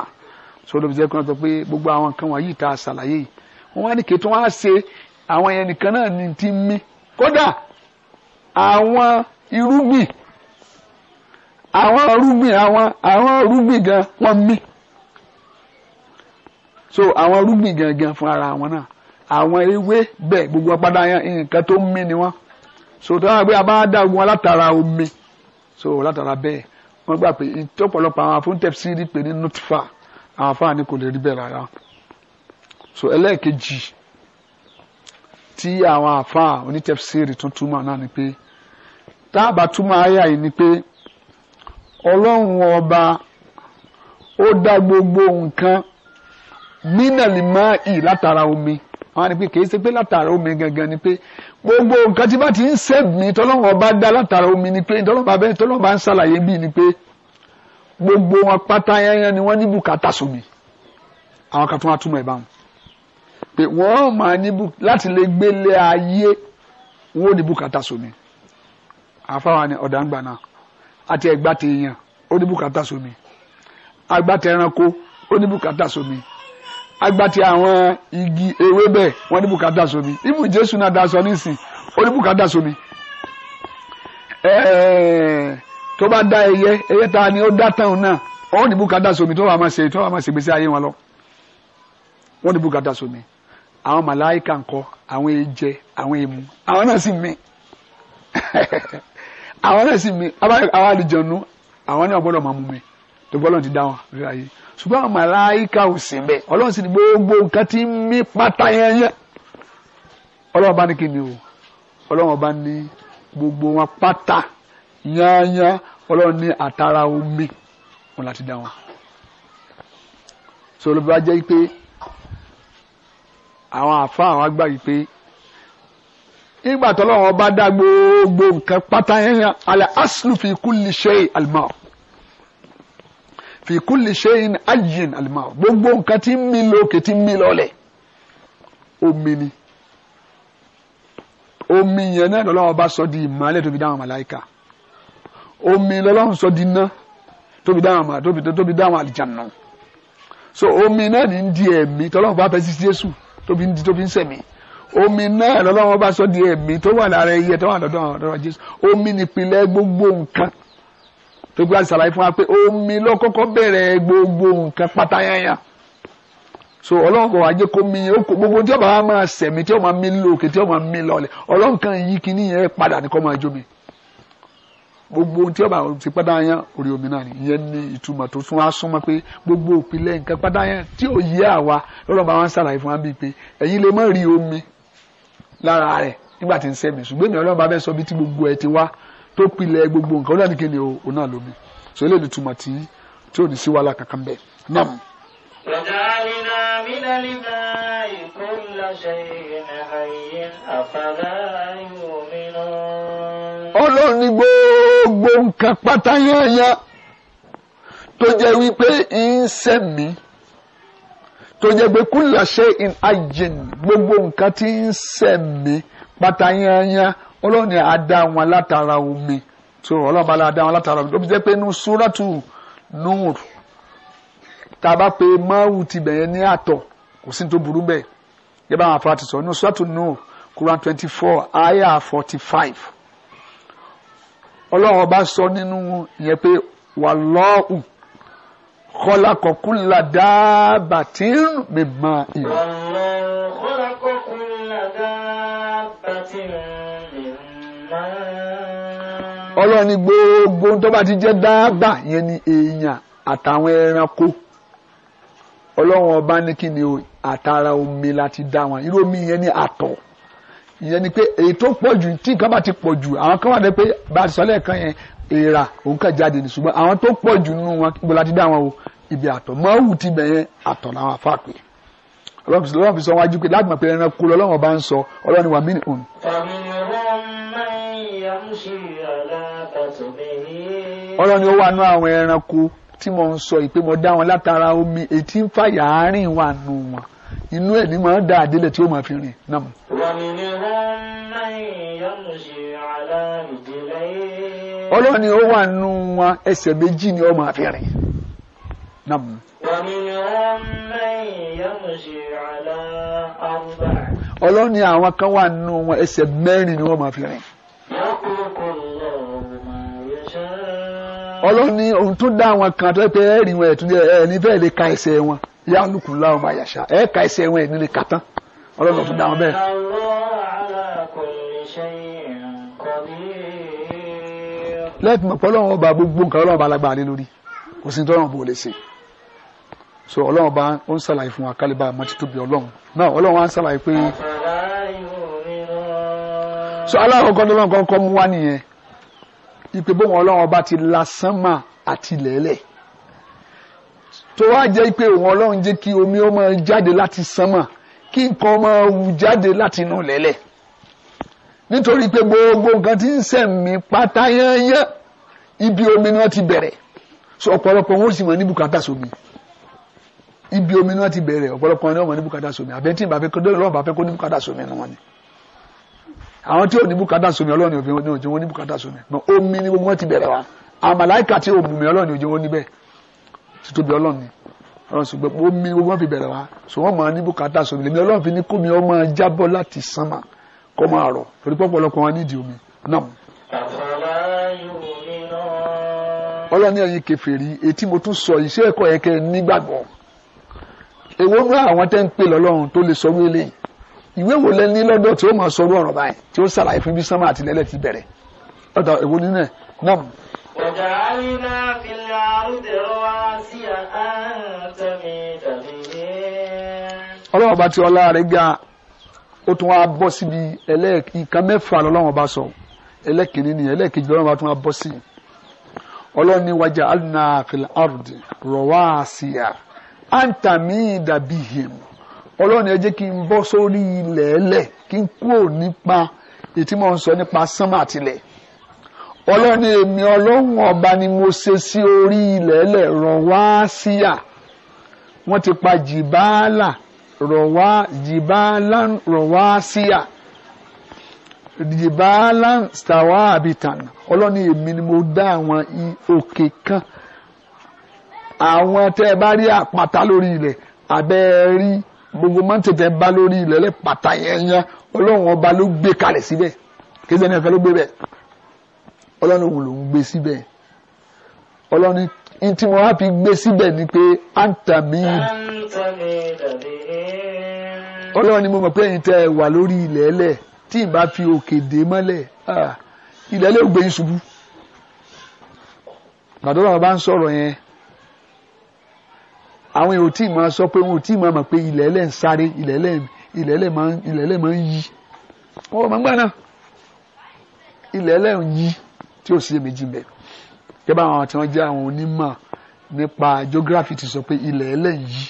so olóbi jẹ́ kí wọ́n sọ pé gbogbo àwọn nǹkan wọ̀nyí tá a ṣàlàyé yìí wọ́n wá ní kí tí wọ́n á ṣe àwọn yẹn nìkan náà ní ti ń mi kódà àwọn irúgbìn àwọn irúgbìn àwọn àwọn irúgbìn gan wọ́n mí so àwọn irúgbìn gangan fún ara wọn náà àwọn ewé bẹ́ẹ̀ gbogbo apádà nǹkan tó ń mí ni wọ́n so tó wà pé a bá dá ogun látara omi so látara bẹ́ẹ̀ wọ́n gbà pé ìtọ́pọ̀lọpọ̀ àwọn afúntẹ̀sí rí pé ní nutfa àwọn afáàní kò lè rí bẹ́ẹ̀ rárá so ẹlẹ́ẹ̀kejì tí àwọn àfáà onítẹ̀síìrì tún túmọ̀ náà ni pé tá a bá túmọ̀ àyà yìí ni pé ọlọ́run ọba ó dá gbogbo nǹkan mínàlímáì látara omi wọn á ní pé kì í ṣe pé látara omi gangan ni pé gbogbo nǹkan tí bá ti ń sẹ́mi tọ́lọ́wọ́n bá dá látara omi ni pé tọ́lọ́wọ́n bá tọ́lọ́wọ́n bá ń ṣàlàyé bíi ni pé gbogbo wọn pátá yányán ni wọ́n ní bùkátà sómi àwọn kan tó wọn túmọ̀ ẹ̀ báwọn pé wọ́n máa ní láti lè gbélé ayé wọ́n ní bùkátà sómi àfáwọn ni ọ̀dà ń gbà náà àti ẹ̀gbá ti yàn ó ní bùkátà sómi àgbà tẹranko ó ní bùkátà sómi agbati àwọn igi ewébẹ̀ wọ́n ní bùkátà sómi ibù jésù náà daṣọ nísìn ó ní bùkátà sómi tó bá dá ẹyẹ ẹyẹ ta ni ó dá tán náà ó ní bùkátà sómi tó wà máa ṣe tó wà máa ṣe gbèsè ayé wọn lọ wọ́n ní bùkátà sómi àwọn màláìka ńkọ́ àwọn ẹjẹ àwọn emu àwọn náà sì mí àwọn náà sì mí àwọn àlejò nù àwọn náà gbọ́dọ̀ máa mú mi tó bọ́lọ̀ ti dá wọn lórí ayé ṣùgbọ́n àwọn màláìka ò sí bẹ́ẹ̀ ọlọ́run sì ní gbogbo nǹkan ti ń mí pátá yẹn yẹn ọlọ́run bá ní kíni o ọlọ́run bá ní gbogbo wọn pátá yányá ọlọ́run ní àtàrà omi wọn láti dá wọn sọlọ bá jẹ́ pé àwọn àfa àwọn àgbà yìí pé nígbà tó bá dá gbogbo nǹkan pátá yẹn yẹn alẹ́ aslufi kulli shay almau fi kulli shay'in ayyin al-ma' gbogbo nǹkan tí ń mi lókè tí ń mi lọ́lẹ̀ omi ni omi yẹn náà lọ́lọ́wọ́ bá sọ di ìmọ̀lẹ́ tóbi dáhùn màláìka omi lọ́lọ́wọ́ sọ di iná tóbi dáhùn mà tóbi tóbi dáhùn àlìjànà so omi náà ní di ẹ̀mí tọ́lọ́wọ́ bá fẹ́ sí Jésù tóbi ń di tóbi ń sẹ̀mí omi náà lọ́lọ́wọ́ bá sọ di ẹ̀mí tó wà lára ẹyẹ tó wà lọ́dọ̀ Jésù omi nìpínlẹ̀ gbogbo nǹkan tó gbé àti sàlàyé fún wa pé omi ló bẹ̀rẹ̀ gbogbo nǹkan pátáyáyá so ọlọ́run kò wá jẹ́ kó mi gbogbo tí ó bá máa sẹ̀mí tí ó máa mi lòkè tí ó máa mi lọlẹ̀ ọlọ́run kan yí kíní yẹn padà ní kó máa jó mi gbogbo tí ó bá ti pátáyá orí omi náà ìyẹn ní ìtumọ̀ tó tún wá súnmọ́ pé gbogbo òpìlẹ̀ nǹkan pátáyá tí ò yé àwa ọlọ́run bá wá ń sàlàyé fún wa bíi pé ẹ̀yin lè má rí omi lára rẹ̀ nígbà tí ń sẹ́mi ṣùgbọ́n èmi ọlọ́run bá bẹ́ẹ̀ sọ bí tí gbogbo ẹ ti wá tó pilẹ̀ gbogbo nǹkan ó náà ní kíni ó náà lómi so eléyìí ni túmọ̀ tí tí ò ní sí wàhálà kankan bẹ́ẹ̀ nam. وجعلنا من الماء كل شيء حي أفلا يؤمنون. ọlọ́run ní gbogbo nǹkan pátá yányá tó jẹ́ wípé ń sẹ́mi tó jẹ́ pé kúlà ṣe in ajin gbogbo nǹkan tí ń ọlọ́run ni àdá wọn látara omi tó ọlọ́run bá láàdá wọn látara omi tó fi jẹ́ pé inú súrọ́tù núùrù tá a bá pe máwù ti bẹ̀yẹn ní àtọ̀ kò sí tó burú bẹ́ẹ̀ yẹ́n bá wọn afárá ti sọ inú súrọ́tù núùrù Quran twenty four ayah forty five ọlọ́run ọba sọ nínú ìyẹn pé wàlọ́ọ̀hùn kọ́lá kọ̀kúnlá dábàtí ń mímọ́ ìlú. ọlọ́run ní gbogbo tó bá ti jẹ́ dáàbà yẹn ni èèyàn àtàwọn ẹranko ọlọ́run ọba ní kí ni àtàrà omi láti dá wọn irú omi yẹn ni àtọ̀ ìyẹn ni pé èyí tó pọ̀ jù tí nǹkan bá ti pọ̀ jù àwọn kan wà dé pé bá a sọ lẹ́ẹ̀kan yẹn èèrà òun kàn jáde ní ṣùgbọ́n àwọn tó pọ̀ jù nínú wọn ibo láti dá wọn o ibi àtọ̀ mọ́wù ti bẹ̀ yẹn àtọ̀ làwọn afá pé ọlọ́run fi sọ wájú pé láti mọ̀ pé ẹranko lọ́lọ́run ọlọ́ni ó wà nú àwọn ẹranko tí mo ń sọ ìpè mo dá wọn látara omi ètí ń fàyà àárín wà nù wọn inú ẹ̀ ní máa ń dá àdélẹ̀ tí ó máa fi rìn náà. ọlọ́ni ó wà nù wọn ẹsẹ̀ méjì ni ó máa fi rìn náà. ọlọ́ni àwọn kan wà nù wọn ẹsẹ̀ mẹ́rin ni wọ́n máa fi rìn. yọkùnkùn ọlọ́run ní ohun tó dá àwọn kan tó pé ẹ̀rí wọn ẹ̀tún ẹ̀ ní bẹ́ẹ̀ lè ka ẹsẹ̀ wọn yá lùkù láwọn máa yàṣà ẹ̀ ka ẹsẹ̀ wọn ẹ̀ ní lè kà tán ọlọ́run tó dá wọn bẹ́ẹ̀. lẹ́ẹ̀tì mọ̀ pé ọba gbogbo nǹkan ọlọ́run ọba alágbára lé lórí kò sí tọ́lọ́run bò lè ṣe so ọlọ́run ọba ó ń ṣàlàyé fún wa kálíbà àmọ́ títóbi ọlọ́run náà ọlọ́run wa ń ṣàlàyé pé so aláàkọ́kọ́ ọlọ́run kọ́kọ́ mú wá nìyẹn ipe bóun ọlọ́run ọba ti la sánmà àti lẹ́lẹ̀ tó wá jẹ́ pé òun ọlọ́run jẹ́ kí omi ó máa jáde láti sánmà kí nǹkan máa wù jáde láti inú lẹ́lẹ̀ nítorí pé gbogbo nǹkan tí ń sẹ̀mí pátá yányán ibi omi ni ti bẹ̀rẹ̀ so ọ̀pọ̀lọpọ̀ wọn ò sì mọ̀ ní bùkátà sómi ibi omi ni wọ́n ti bẹ̀rẹ̀ ọ̀pọ̀lọpọ̀ wọn ni wọ́n mọ̀ ní bùkátà sómi àbẹ́tí ìbàfẹ́ kó dọ́lọ́ọ̀bà fẹ́ kó ní bùkátà sómi ni wọ́n ni àwọn tí ò ní bùkátà sómi ọlọ́run ní òfin òjò wọn ní bùkátà sómi omi ni gbogbo wọn ti bẹ̀rẹ̀ wa àwọn màláìka tí ò bùnmi ọlọ́run ní òjò wọn níbẹ̀ títóbi ọlọ́run ni ọlọ́run ṣùgbọ́n omi ni gbogbo wọn fi bẹ̀rẹ̀ wa sọ wọn máa ní bùkátà sómi lèmi ọlọ́run fi ní kó mi ọmọ jábọ́ láti sánmà kó máa rọ̀ torí pọ́pọ́lọpọ́ wọn nídìí omi náà. ọlọ́run ní ẹ̀yin kèfèrí etí mo tún sọ iṣẹ́ ẹ̀kọ́ yẹn kẹ́ nígbàgbọ́ èwo ń rá ìwé wo lẹ ní lọ́dọ̀ tí ó máa sọ ọ̀rọ̀ báyìí tí ó ṣàlàyé fún ibi sánmà àti lẹ́lẹ̀ ti bẹ̀rẹ̀ ọ̀dọ̀ èwo nínú ẹ̀ náà. وجعلنا في الأرض رواسي أن تميد بهم. ọlọ́run ọba tí ọlá rẹ̀ ga ó tún wá bọ́ síbi ẹlẹ́ẹ̀kan mẹ́fà lọ́lọ́run ọba sọ ẹlẹ́ẹ̀kìnní ni ẹlẹ́ẹ̀kejì lọ́lọ́run ọba tún wá bọ́ sí i ọlọ́run ni wàjà alina fil ard rọwáàsíà àǹtàmí ìdàbí him ọlọ́run ẹ jẹ́ kí n bọ́ sórí ilẹ̀ ẹlẹ̀ kí n kúrò nípa ètí mò ń sọ nípa sánmà tilẹ̀ ọlọ́run èmi ọlọ́run ọba ni mo ṣe sí orí ilẹ̀ ẹlẹ̀ rọ̀ wá síyà wọ́n ti pa jìbáàlà rọ̀ wá jìbáàlà rọ̀ wá síyà jìbáàlà stawa abitan ọlọ́run èmi ni mo dá àwọn òkè kan àwọn tẹ́ ẹ bá rí àpáta lórí ilẹ̀ abẹ́ rí gbogbo mọ́tò tẹ bá lórí ilẹ̀ lẹ́ pàtà yẹn yẹn ọlọ́run ọba ló gbé kalẹ̀ síbẹ̀ kí sẹ́ni ẹ̀fẹ́ ló gbé bẹ̀ ọlọ́run wò ló ń gbé síbẹ̀ ọlọ́run ní tí wọ́n á fi gbé síbẹ̀ ni pé àǹtàmí ọlọ́run ni mo mọ̀ pé ẹ̀yin tẹ wà lórí ilẹ̀ ẹlẹ̀ tí ì bá fi òkè dé mọ́lẹ̀ ilẹ̀ ẹlẹ́ ò gbé yín ṣubú gbàdúrà bá ń sọ̀rọ̀ yẹn àwọn èèyàn ò tí ì máa sọ pé wọn ò tí ì máa mọ̀ pé ilẹ̀ ẹlẹ́ ń sáré ilẹ̀ ẹlẹ́ máa ń yí wọn ò máa ń gbà náà ilẹ̀ ń yí tí ò sí èméjì bẹ̀ kẹ́bà àwọn tí wọ́n jẹ́ àwọn onímọ̀ nípa geography ti sọ pé ilẹ̀ ẹlẹ́ ń yí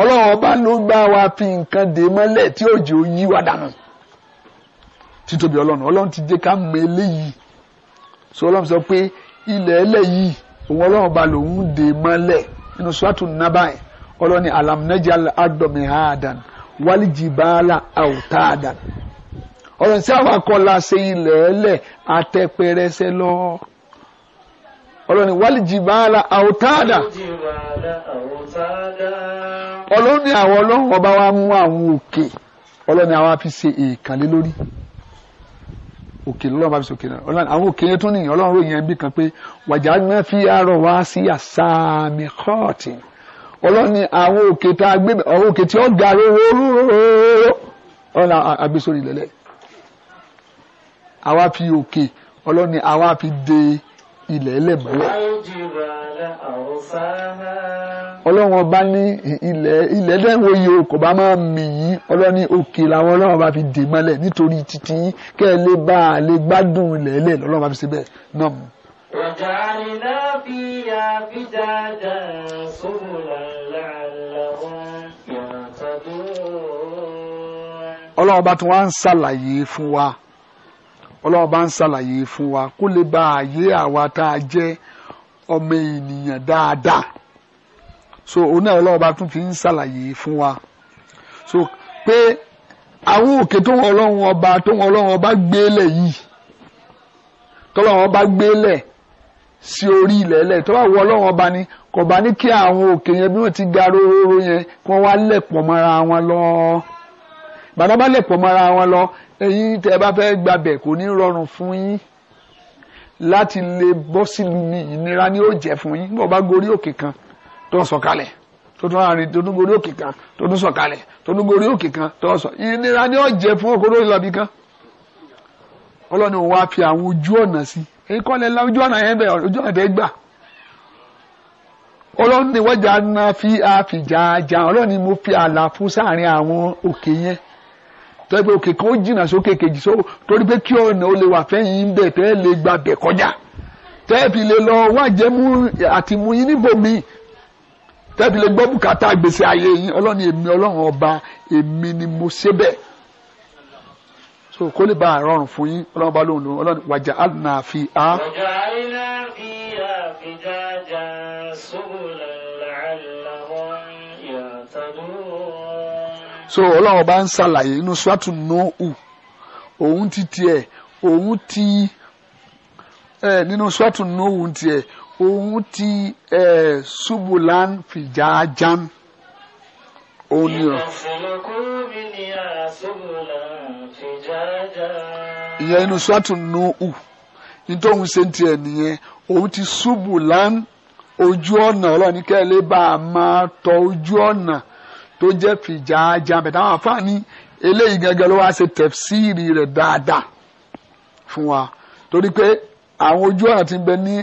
ọlọ́run ọba ló gbá wa fi nǹkan dè mọ́lẹ̀ tí òjò yí wa dànù títóbi ọlọ́run ọlọ́run ti jẹ́ ká mọ eléyìí so ọlọ́run sọ pé ilẹ̀ yìí òun ọlọ́run ọba lòun dè mọ́lẹ̀ nínú suwatu naba yẹn ọlọ́ni alamnajà adọ̀mí hàdàn wálé jìbàlá àwòtàdàn ọlọ́ni sí àwọn akọ́lá sẹ́yìn lẹ́ẹ̀lẹ́ àtẹ̀pẹ̀rẹsẹ lọ ọlọ́ni wálé jìbàlá àwòtàdà ọlọ́ni àwọn òkè lọ́wọ́ máa fi sòkè náà ọlọ́run àwọn òkè tún nìyẹn ọlọ́run ròyìn ẹbí kan pé wàjà náà fi àárọ̀ wá sí àsáàmì kọ́ọ̀tì ọlọ́run ní àwọn òkè tá a gbé àwọn òkè tí ó ga róróróró ọlọ́run àgbésórí lẹ́lẹ́ àwa fi òkè ọlọ́run ní àwa fi de ilẹ̀ ẹlẹ́mọ́lẹ̀ ọlọ́run ọba ní ilẹ̀ ilẹ̀ yìí kò bá máa mì yín ọlọ́ni òkè làwọn ọlọ́run bá fi dè mọ́lẹ̀ nítorí títí yín kẹ́ ẹ lè bá a lè gbádùn lẹ́lẹ̀ lọ́lọ́run bá fi ṣe bẹ́ẹ̀ náà mú. وجعلنا فيها فجاجا سبلا لعلهم يهتدون. ọlọ́run bá tún wá ń ṣàlàyé fún wa ọlọ́run bá ń ṣàlàyé fún wa kó lè bá àyè àwa tá a jẹ́ ọmọ ènìyàn dáadáa so òun náà ọlọ́run bá tún fi ń ṣàlàyé fún wa so pé àwọn òkè tóun ọlọ́run ọba tóun ọlọ́run ọba gbélẹ̀ yìí tọ́lọ́run ọba gbélẹ̀ sí orí ilẹ̀ ẹlẹ̀ tó bá wọ ọlọ́run ọba ni kò bá ní kí àwọn òkè yẹn bí wọ́n ti ga róróró yẹn kí wọ́n wá lẹ̀pọ̀ mọ́ra wọn lọ bàtà bá lẹ̀pọ̀ mọ́ra wọn lọ ẹ̀yin tẹ́ ẹ bá fẹ́ gbabẹ̀ kò ní rọrùn fún yín láti lè bọ́ sílùú ìnira ni ó jẹ́ fún yín bó bá gorí òkè kan tó ń sọ̀kalẹ̀ tó tún rárìn gori tún gorí òkè kan tó tún sọ̀kalẹ̀ tó tún kan sọ ìnira ni fún okòrò ìlọbí kan ọlọ́ni òun wá fi àwọn ojú ọ̀nà sí èyí kọ́ ojú ọ̀nà yẹn bẹ̀ ojú ọ̀nà gbà wọ́jà na fi mo fi àwọn òkè yẹn pé kan ó jìnnà sókè kejì só tẹ́bi lè gbọ́ bùkátà gbèsè ayé yín ọlọ́run èmi ọlọ́run ọba èmi ni mo ṣe bẹ́ẹ̀ so kó lè ba àrọ̀rùn fún yín ọlọ́run ọba lóhùn lóhùn ọlọ́run wàjà àlùnà á. wàjà àìlà fi àfijájà sóbùlà làálà wọn yàtàdúró so ọlọ́run ọba ń ṣàlàyé inú swatu nóhù òun ti tiẹ̀ òun ti ẹ nínú swatu nóhù tiẹ̀ òun ti ẹ̀ ṣubùlán fìjàjàm òun ni ọ. ìyẹn inú sọ́ọ̀tù nù ú nítòhún ṣe ń tiẹ̀ nìyẹn òun ti ṣubùlán ojú ọ̀nà ọlọ́ọ̀ni kẹ́lẹ́ bá a máa tọ ojú ọ̀nà tó jẹ́ fìjàjàm bẹ̀tẹ̀ àwọn àfáàní eléyìí gẹ́gẹ́ ló wá ṣe tẹ̀fsíìrì rẹ̀ dáadáa fún wa torí pé àwọn ojú ọ̀nà ti bẹ ní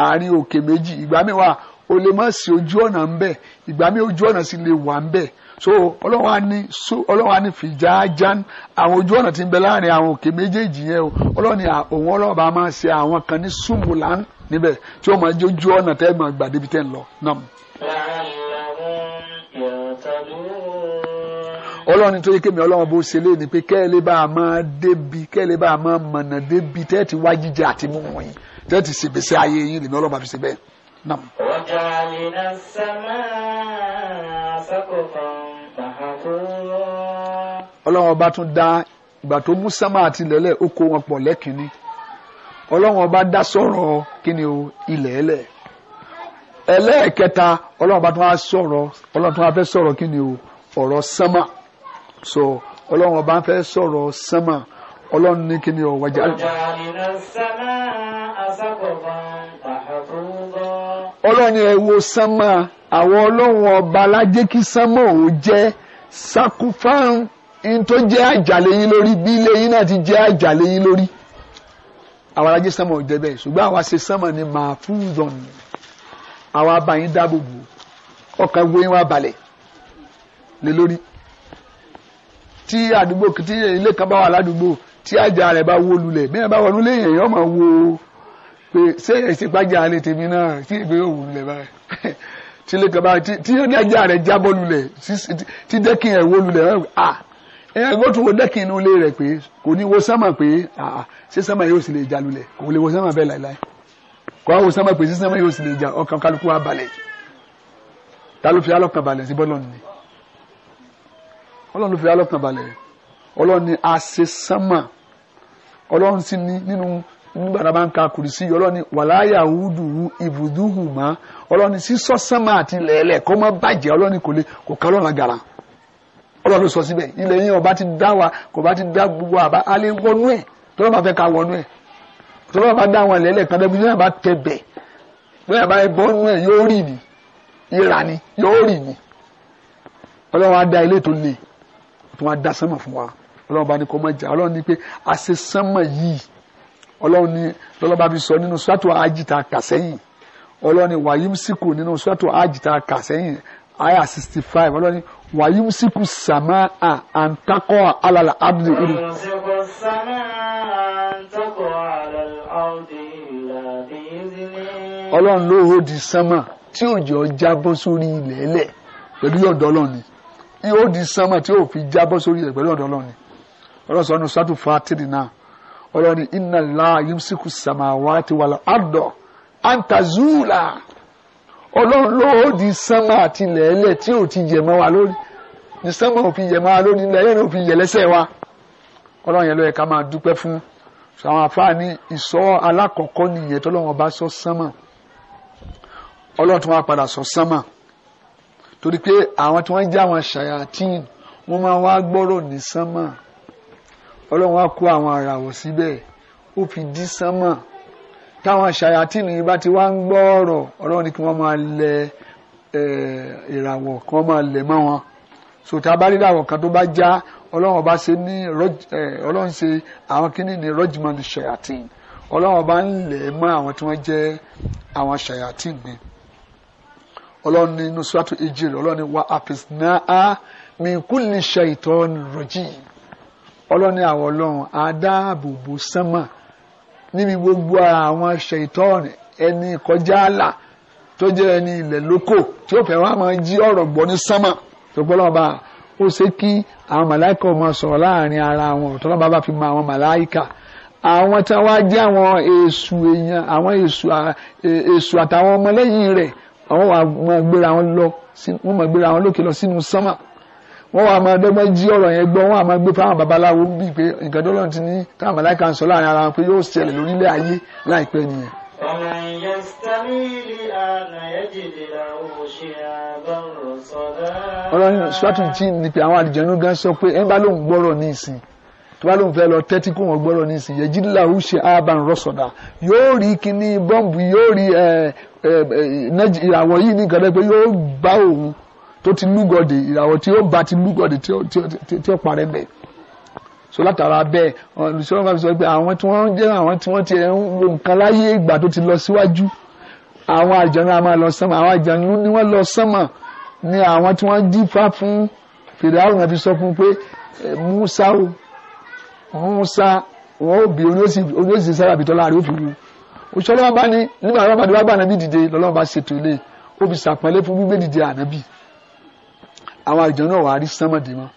àárín òkè méjì ìgbà mi wà o lè má sí ojú ọ̀nà ń bẹ̀ ìgbà mi ojú ọ̀nà sì lè wà ń bẹ̀ so ọlọ́wà ni so ọlọ́wà ni fìjáján àwọn ojú ọ̀nà ti ń bẹ láàrin àwọn òkè méjèèjì yẹn o ọlọ́ni òun ọlọ́ọ̀bá máa ṣe àwọn kan ní sùmùlán níbẹ̀ tí ó máa jójú ọ̀nà tẹ́ máa gbà débi tẹ́ ń lọ náà. ọlọ́run tó yẹ kémi ọlọ́run bó ṣe lé ni pé kẹ́ẹ̀lé bá a máa débi kẹ́ẹ̀lé bá a máa mọ̀nà débi tẹ́ẹ̀ ti wá jíjẹ àti mímu tẹ́tì sì gbèsè ayé yín lèmi ọlọ́ba fi ṣe bẹ́ẹ̀ nam. ọjà àlìna sàmà sọ́kòkàn tàhàtúrọ̀. ọlọ́run ọba tún dá ìgbà tó mú sámà àti ilẹ̀lẹ̀ ó kó wọn pọ̀ lẹ́kìnní ọlọ́run ọba dá sọ̀rọ̀ kíni o ilẹ̀ ẹlẹ̀ ẹlẹ́ẹ̀kẹta ọlọ́run ọba tún wá sọ̀rọ̀ ọlọ́run tún wá fẹ́ sọ̀rọ̀ kíni o ọ̀rọ̀ sánmà so ọlọ́run ọba fẹ́ sọ̀rọ̀ sánmà ọlọ́run ní kíni ọ̀ wájà. ọlọ́run ẹ wo sánmà àwọn ọlọ́run ọba lájẹ́ kí sánmà ò jẹ́ sakufan in tó jẹ́ àjàléyìn lórí bí ilé yín náà ti jẹ́ àjàléyìn lórí àwọn alájẹ sánmà ò jẹ́ bẹ́ẹ̀ ṣùgbọ́n àwa ṣe sánmà ni màá fún zọ̀nù àwa abayín dáàbò bò ọkàn gbóyin wa balẹ̀ lé lórí tí àdúgbò tí ilé kan bá wà ládùúgbò tí ajá rẹ̀ bá wó lulẹ̀ bí ẹ bá wọnú lẹ́yìn èèyàn máa wo pé ṣé ìsìnkájà alẹ́ tèmi náà tí èmi yóò wù lulẹ̀ báyìí tí lè kaba tí yóò ní ajá rẹ̀ jábọ́ lulẹ̀ tí dẹ́kin ẹ̀ wó lulẹ̀ à ẹ̀yàn gbọ́dọ̀ wo dẹ́kin inú ilé rẹ̀ pé kò ní wo sánmà pé ṣé sánmà yóò sì lè já lulẹ̀ kò lè wo sánmà bẹ́ẹ̀ láìláì kò á wo sánmà pé ṣé sánmà yóò sì lè já ọkàn kálukú wa ta ló fi alọ́kàn balẹ̀ sí bọ́lọ́ọ̀nù ni ọlọ́run fi alọ́kàn balẹ̀ ọlọ́run ni a ṣe sánmà ọlọ́run sì ní nínú nígbà tá a bá ń ka kùrìsí ọlọ́run ni wàláyà wúdùwú ibùdúhùmá ọlọ́run ni sísọ sánmà àti lẹ́lẹ̀ kọ́ mọ́ bàjẹ́ ọlọ́run kò lè kò ká ọlọ́run agara ọlọ́run ló sọ síbẹ̀ ilẹ̀ yẹn ọba ti dá wa kò bá ti dá gbogbo àbá alẹ́ wọnú ẹ̀ tọ́lọ́ bá fẹ́ ká wọnú ẹ̀ tọ́lọ́ bá dá àwọn lẹ́lẹ̀ kan lẹ́bi ní ni yóò rì ní ọlọ́run á dá ilé tó le tó wá dá sánmà fún wa ọlọ́run bá ní kó mọ̀ jà ọlọ́run ní pé àṣẹ sánmọ̀ yìí ọlọ́run ní lọ́lọ́ba fi sọ nínú sọ́tò àjìtà kàsẹ́yìn ọlọ́run ní wàyím síkù nínú sọ́tò àjìtà kàsẹ́yìn àyà sixty five ọlọ́run ní wàyím síkù sàmà à àǹtakọ̀ alàlà abdi ìlú. ọlọ́run ló hó di sánmà tí òjò jábọ́ sórí ilẹ̀ ẹlẹ̀ pẹ̀lú ọ̀dọ́ ọlọ́run ni ó di sánmà tí ó fi jábọ́ sórí ilẹ̀ pẹ̀lú ọ̀dọ́ ọlọ́run ni ọlọ́sọ̀ ọ́nà sọ́tù fàtìrì náà ọlọ́ni inna Allah yumsiku samawati wal arda antazula ọlọ́run ló di sánmà àti lẹ́lẹ̀ tí ò ti yẹ mọ́ wa lórí ní sánmà ò fi yẹ mọ́ wa lórí lẹ́lẹ̀ ò fi yẹ lẹ́sẹ̀ wa ọlọ́run yẹn ló yẹ ká máa dúpẹ́ fún àwọn àfáàní ìsọ́ alákọ̀ọ́kọ́ nìyẹn tó lọ́wọ́ bá tó wá padà sọ sánmà torí pé àwọn tí wọ́n já wọn ṣàyàtìn wọ́n máa wá gbọ́rọ̀ ní sánmà ọlọ́run á kó àwọn àràwọ̀ síbẹ̀ ó fi dí sánmọ̀ táwọn ṣàyàtìnì bá ti wá ń gbọ́ ọ̀rọ̀ ọlọ́run ni kí wọ́n máa lẹ ìràwọ̀ kí wọ́n máa lẹ mọ́ wọn sòtá bá rí ìràwọ̀ kan tó bá já ọlọ́run ọba ṣe ní ọlọ́run ṣe àwọn kíní ní rọ́jìmọ̀n ṣàyàtìn ọlọ́run ọba ń lẹ̀ mọ́ àwọn tí wọ́n jẹ́ àwọn ṣàyàtìn ni ọlọ́run ní nusratu ejiri ọlọ́run ní wa àfẹsínà á mi kúlì ṣàìtọ́ rọ̀jìn ọlọ́ni àwọn ọlọ́run adáàbòbò sánmà níbi gbogbo àwọn ṣèitọ́ọ̀nì ẹni kọjá àlà tó jẹ́ ẹni ilẹ̀ lóko tí ó fẹ́ wá máa jí ọ̀rọ̀ gbọ́ ní sánmà tó gbọ́ lọ́ba ó ṣe kí àwọn màláìka ọmọ sọ̀rọ̀ láàrin ara wọn tó lọ́ba bá fi mọ àwọn màláìka àwọn tí wọ́n jẹ́ àwọn èṣù èèyàn àwọn èṣù àtàwọn ọmọlẹ́yìn rẹ̀ wọ́n máa gbéra wọn lọ sínú sánmà wọ́n wà máa dẹ́gbẹ́ jí ọ̀rọ̀ yẹn gbọ́ wọ́n àmọ́ gbé fáwọn babaláwo bíi pé nǹkan tó lọ́n ti ní táwọn màláìka ń sọ láàrin ara wọn pé yóò ṣẹlẹ̀ lórílẹ̀ ayé láìpẹ́ nìyẹn. ọlọ́run ṣọ́ọ̀tún tí ni pé àwọn àlùjànnú gan sọ pé ẹ̀ ń gbọ́rọ̀ ní ìsìn tó bá lóun fẹ́ lọ tẹ́tí kó wọn gbọ́rọ̀ ní ìsìn yẹjí làwọn ṣe ààbà rọ̀ṣọ̀dà yóò rí kíní bọ́ǹbù yóò rí eh, eh, eh, ìràwọ̀ yìí ní nǹkan pé yóò bá òun tó ti lúgọ̀dì ìràwọ̀ tí ó bá ti lúgọ̀dì tí ó parẹ́ bẹ́ẹ̀ so látara bẹ́ẹ̀ olùsọ́nà bá fi sọ pé àwọn tí wọ́n jẹ́ àwọn tí wọ́n ti ń wo nǹkan láyé ìgbà tó ti lọ síwájú àwọn àjànú a máa lọ sánmà àwọn àjànú ni wọ́n lọ sánmà ni àwọn tí wọ́n dífá fún fèrè àwọn àti sọ fún pé Musa o Musa wọn ò bí oníyèsí sára àbítọ́ láàrin òfin mu òṣèlú bá ní nígbà wọn bá ní wọn bá nàbí dìde lọ́lọ́wọ́ bá ṣètò ilé ó fi sàpọ́nlé fún gbígbé dìde ànábì àwọn àjọ náà wàá rí sánmọ̀dé mọ́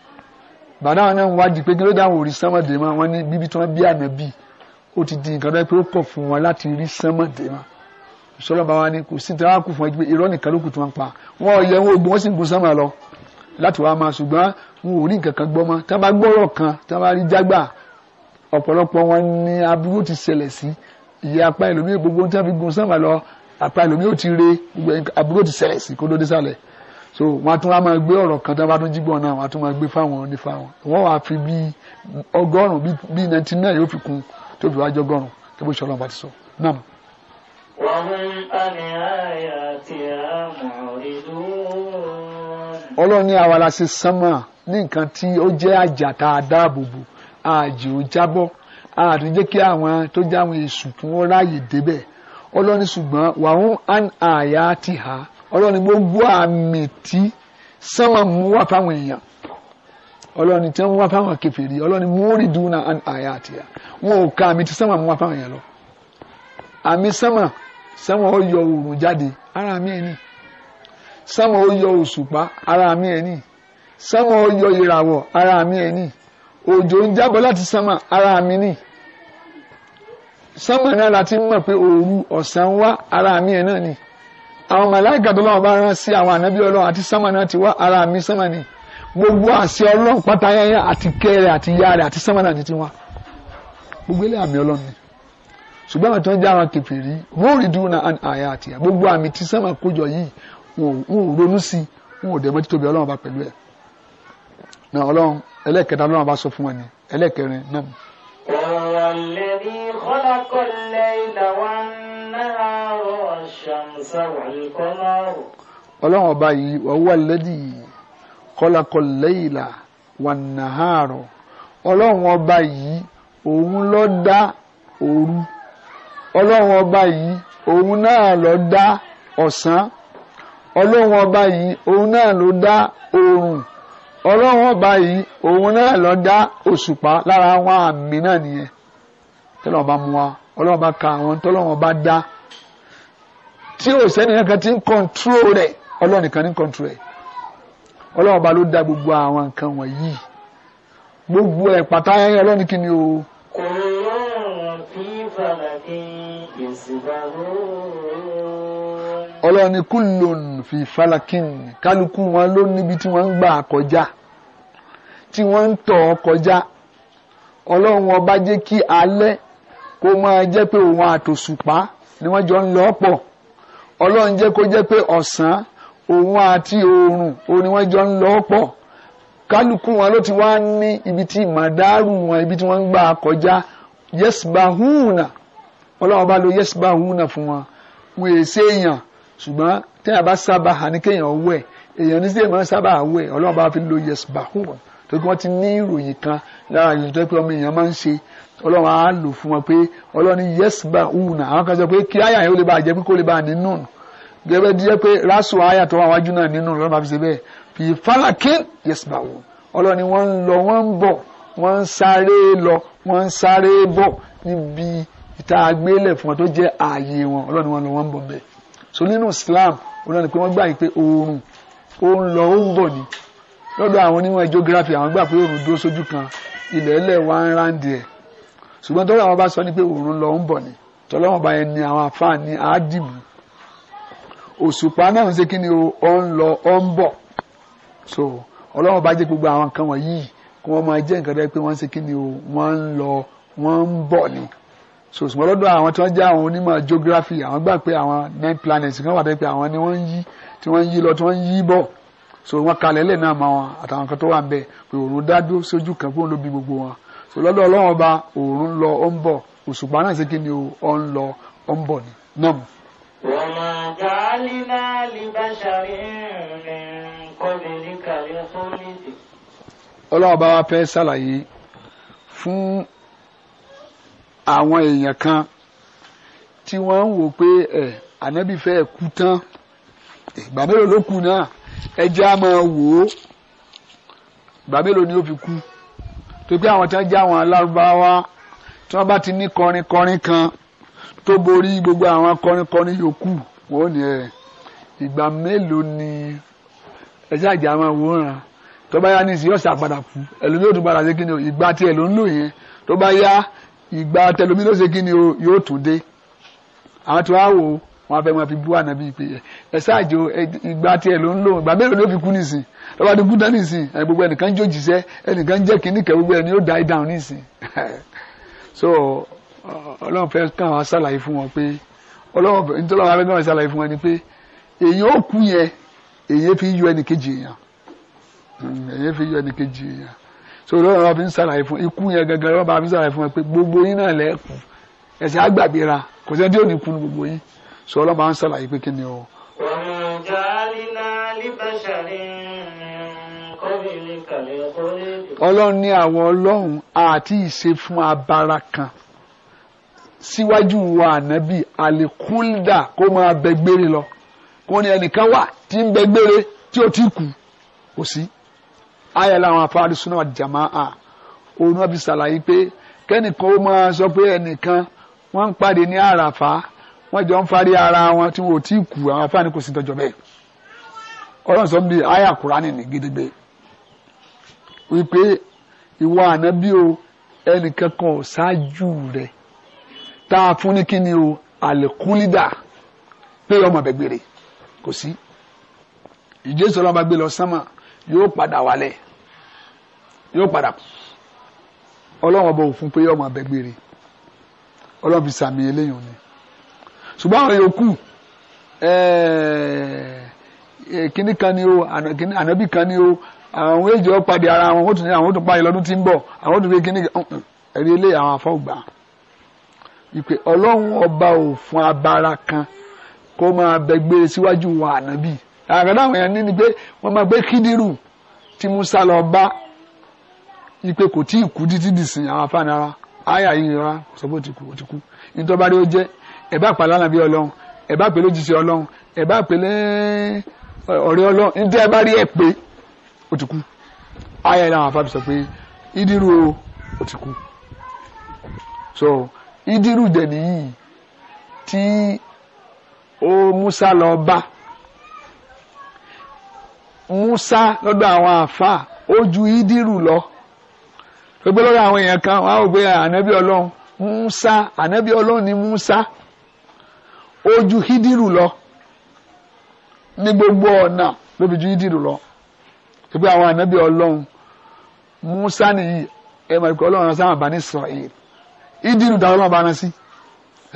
bàdá àwọn náà ń wájú pé kí ló dáhùn orí sánmọ̀dé mọ́ wọ́n ní bíbí tí wọ́n bí ànábì ó ti di nǹkan tó pọ̀ fún wọn láti rí sánmọ̀dé mọ́ sọlọ́ba wa ni kò sí tí wọ́n á kú fún ẹgbẹ́ irọ́ nìkan ló kù tí wọ́n pa wọ́n yẹ wọn ogun wọ́n sì gun sánmọ̀ lọ láti wá máa ṣùgbọ́n wọn ò rí nǹkan kan gbọ́ mọ́ tá a bá gbọ́rọ̀ kan tá a bá rí jágbà ọ̀pọ̀lọpọ̀ wọn ni aburú ti ṣẹlẹ̀ sí ìyá apá ẹlòmíì gbogbo tí wọ́n fi gun sánmọ̀ lọ apá ẹlòmíì ò ti re aburú ti ṣẹlẹ̀ sí kó ló dé sálẹ̀ so wọn a tún wá máa gbé ọ̀rọ̀ kan tán bá tún jígbọ̀n náà wọn a tún máa gbé fáwọn onífà wọn wọn wàá fi bí ọgọ́rùn bí nineteen náà yóò fi kún tó fi wá jọ ọgọ́rùn tó bó ṣe ọlọ́run bá ti sọ náà. ọlọ́run ní àwa la ṣe sánmà ní nǹkan tí ó jẹ́ àjà tá a dáàbò bò àjò jábọ́ àti jẹ́ kí àwọn tó jáwọn èṣù fún ọ láàyè débẹ̀ ọlọ́run ṣùgbọ́n wàhùn àyà ti hà á ọlọ́run gbogbo àmì tí sánmà mú wá fáwọn èèyàn ọlọ́run tí wọ́n wá fáwọn kèfèrí ọlọ́run mú rí dùnà àyà àti à wọn ò ka àmì tí sánmà mú wá fáwọn èèyàn lọ àmì sánmà sánmà ó yọ oòrùn jáde ara mi ẹ̀ ní sánmà ó yọ òṣùpá ara mi ẹ̀ ní sánmà ó yọ ìràwọ̀ ara mi ẹ̀ ní òjò ń jábọ̀ láti sánmà ara mi ní sánmà náà láti mọ̀ pé òru ọ̀sán wá ara mi ẹ̀ náà ní àwọn màláìka tó lọ́wọ́ bá rán sí àwọn ànábí ọlọ́run àti sánmà náà ti wá ara mi sánmà ni gbogbo àṣẹ ọlọ́run pátá yẹn àti kẹrẹ àti ya rẹ àti sánmà náà ti ti wá gbogbo ilé àmì ọlọ́run ni ṣùgbọ́n àwọn tó ń jẹ́ àwọn kèfèrí wọ́n ò rí dúró náà àyà àti ẹ̀ gbogbo àmì tí sánmà kójọ yìí wọn ò ronú sí wọn ò dẹ̀mọ́ títóbi ọlọ́run bá pẹ̀lú ẹ̀ ọlọ́run والشمس والقمر ọlọ́run ọba yìí ọwọ́ alẹ́dì kọ́lákọ́ lẹ́yìnlá wà nàárọ̀ ọlọ́run ọba yìí òun ló dá òru ọlọ́run ọba yìí òun náà ló dá ọ̀sán ọlọ́run ọba yìí òun náà ló dá oòrùn ọlọ́run ọba yìí òun náà ló dá òṣùpá lára àwọn àmì náà nìyẹn tọ́lọ́run bá mú wa ọlọ́run bá ka àwọn tọ́lọ́run bá dá tí ò sẹ́ni kankan ti ń kọ́ńtró rẹ̀ ọlọ́run nìkan ní kọ́ńtró rẹ̀ ọlọ́run ọba ló dá gbogbo àwọn nǹkan wọ̀nyí gbogbo ẹ̀ pátá ayẹyẹ ọlọ́run ní kíni o. ọlọ́run ní kúlòn fi falakin kálukú wọn ló níbi tí wọ́n ń gbà kọjá tí wọ́n ń tọ̀ kọjá ọlọ́run ọba jẹ́ kí alẹ́ kó máa jẹ́ pé òun àtòṣùpá ni wọ́n jọ ń lọ pọ̀ ọlọ́run jẹ́ kó jẹ́ pé ọ̀sán òun àti oòrùn òun ni wọ́n jọ ń lọ pọ̀ kálukú wọn ló ti wá ní ibi tí màdárù wọn ibi tí wọ́n ń gbà kọjá yesbahuna ọlọ́run bá lo yesbahuna fún wọn wọn èsè èèyàn ṣùgbọ́n téèyàn bá sábà hàn ní kéèyàn wẹ̀ èèyàn ní sí sábà wẹ̀ ọlọ́run bá fi lo yesbahuna tó wọ́n ti ní ìròyìn kan lára ìròyìn tó pé ọmọ èèyàn máa ń ṣe ọlọ́run á lò fún wọn pé ọlọ́run ní yes bá hùn náà àwọn kan sọ pé kí àyà yẹn ó lè bá jẹ pé kó lè bá nínú gẹ́gẹ́ bí pé rásù àyà tó wà wájú náà nínú lọ́nà àfi ṣe bẹ́ẹ̀ fi fálákì yes bá hùn ọlọ́run ni wọ́n ń lọ wọ́n ń bọ̀ wọ́n ń sáré lọ wọ́n ń sáré bọ̀ níbi ìta àgbélẹ̀ fún wọn tó jẹ́ ààyè wọn ọlọ́run wọn lọ wọ́n ń bọ̀ bẹ́ẹ̀ lọ́dọ̀ àwọn onímọ̀ geography àwọn gbà pé oòrùn dúró sójú kan ilẹ̀ ẹlẹ́ ń ráǹdì ẹ̀ ṣùgbọ́n tọ́lá wọn bá sọ ni pé òru lọ ń bọ̀ ni tọ́lá wọn bá yẹn ni àwọn afáà ni àádìmù òṣùpá náà ń ṣe kí ni ó ń lọ ó ń bọ̀ so ọlọ́wọ́n bá jẹ́ gbogbo àwọn kan wọ̀nyí kí wọ́n máa jẹ́ nǹkan rẹ pé wọ́n ṣe kí ni o wọ́n ń lọ wọ́n ń bọ̀ ni so ṣùgbọ́n lọ́dọ̀ àwọn tí wọ́n jẹ́ àwọn onímọ̀ geography àwọn gbà pé àwọn nine planets kan wà pé àwọn ni wọ́n ń yí tí wọ́n ń yí lọ tí wọ́n ń yí bọ̀ so wọ́n kalẹ̀ lẹ̀ náà máa wọn àtàwọn kan tó wà ń bẹ̀ pé òun dá dúró sójú kan fún olóbi gbogbo wọn so lọ́dọ̀ ọlọ́run ọba òòrùn lọ ó ń bọ̀ òṣùpá náà ṣe kí ni ó ń lọ ó ń bọ̀ ni náà. وما جعلنا لبشر من قبلك الخلد ọlọ́run bá wa fẹ́ ṣàlàyé fún àwọn èèyàn kan tí wọ́n ń wò pé ẹ̀ ànábì fẹ́ kú tán ìgbà mélòó ló kù náà ẹ jẹ́ á wò ó ìgbà mélòó ni ó fi kú tó bí àwọn tí wọ́n já àwọn alárúbáwá tí wọ́n bá ti ní kọrinkọrin kan tó borí gbogbo àwọn kọrinkọrin yòókù wọn ò ní ẹ ìgbà mélòó ni ẹjẹ àjà máa wòran tó bá yá ní ìsìn yóò ṣàpadà kú ẹlòmíì ò tún padà sí kí ni o ìgbà tí ẹlòmíì ń yẹn tó bá yá ìgbà tẹlòmíì ló ṣe kí ni o yóò tún dé àwọn tí wọ́n á wò ó wọn fẹ́ máa fi bú ànábì pé ẹ ṣáàjò ìgbà tiẹ̀ ló ń lò ìgbà mélòó ló fi kú nìsín lọ́wọ́ adé kú dá nìsín gbogbo ẹnìkan jó jíṣẹ́ ẹnìkan jẹ́ kínní kẹ́ gbogbo ẹni ó dá ìdáhùn nìsín so ọlọ́run fẹ́ kàn wá ṣàlàyé fún wọn pé ọlọ́run fẹ́ nítorí ọlọ́run fẹ́ kàn wá ṣàlàyé fún wọn ni pé èyàn ó kú yẹn èyàn fi yọ ẹnìkejì èyàn èyàn hmm, fi yọ ẹnìkejì èyàn so ọlọ́run bá fi ń ṣàlàyé fún ikú yẹn gangan ọlọ́run bá fi ń ṣàlàyé fún wọn pé gbogbo sọ ọlọ́mọ à ń sàlàyé pé kí ni o. wọ́n já lílá líbàṣàrí ọlọ́run ní àwọn ọlọ́run àti ìṣe fún abara kan síwájú wa ànábì àlékúndà kó máa bẹ gbére lọ kó ní ẹnìkan wà tí ń bẹ gbére tí ó ti kú kò sí. ayọ̀ làwọn afárí súná jàmáà òun náà fi ṣàlàyé pé kẹ́nìkan ó máa sọ pé ẹnìkan wọ́n ń pàdé ní àràfà wọ́n jọ ń farí ara wọn tí wọ́n ò tí kú àwọn afáàní kò sí tọ́jọ́ bẹ́ẹ̀ ọlọ́run sọ bíi àyà kúránì ní gidigbe wípé ìwọ ànábì o ẹnìkan kan ò ṣáájú rẹ tá a fún ní kíni o àlékúnlídà pé ọmọ bẹ kò sí ìjésù ọlọ́run gbé lọ sánmà yóò padà wálẹ̀ yóò padà ọlọ́run ọba òfin pé ọmọ bẹ gbére fi sàmì eléyìí ni ṣùgbọ́n àwọn yòókù eh, eh, kíní kan ni o ànábì kan ni o àwọn èjì ọ pàdé ara wọn wọ́n tún ní àwọn tó pààyè lọ́dún tí ń bọ̀ àwọn tó fi kíní ẹ̀rí ilé àwọn afọ́gbà ìpè ọlọ́run ọba ò fún abara kan kó máa bẹgbẹ́ síwájú wa ànábì àgbàdo àwọn èèyàn ní pé wọ́n máa gbé kídírù tí Musa lọ bá ìpè kò tí ì kú títí dìsìn àwọn afáàní ara àyà yìí sọ pé ó ti kú ó ti ó jẹ́ ẹ bá pàlọ́ àlàbí ọlọ́run ẹ bá pè lójijì ọlọ́run ẹ bá pè lẹ́ ọ̀rẹ́ ọlọ́run ní tí ẹ bá rí ẹ pé ó ti kú ayé làwọn afábí sọ pé ìdírú o ó ti kú so ìdírú dẹ̀ nìyí tí ó Musa lọ bá Musa lọ́dọ̀ àwọn àfa ó ju ìdírú lọ gbogbo lọ́dọ̀ àwọn èèyàn kan wọ́n á wò pé ànábì ọlọ́run Musa ànábì ọlọ́run ni Musa ojú hídírù lọ ní gbogbo ọ̀nà lóbi ju hídírù lọ pípé àwọn ànábì ọlọ́run Musa nìyí ẹ mọ̀ ìpè ọlọ́run sáwọn bá ní Israel hídírù táwọn ọlọ́run bá rán sí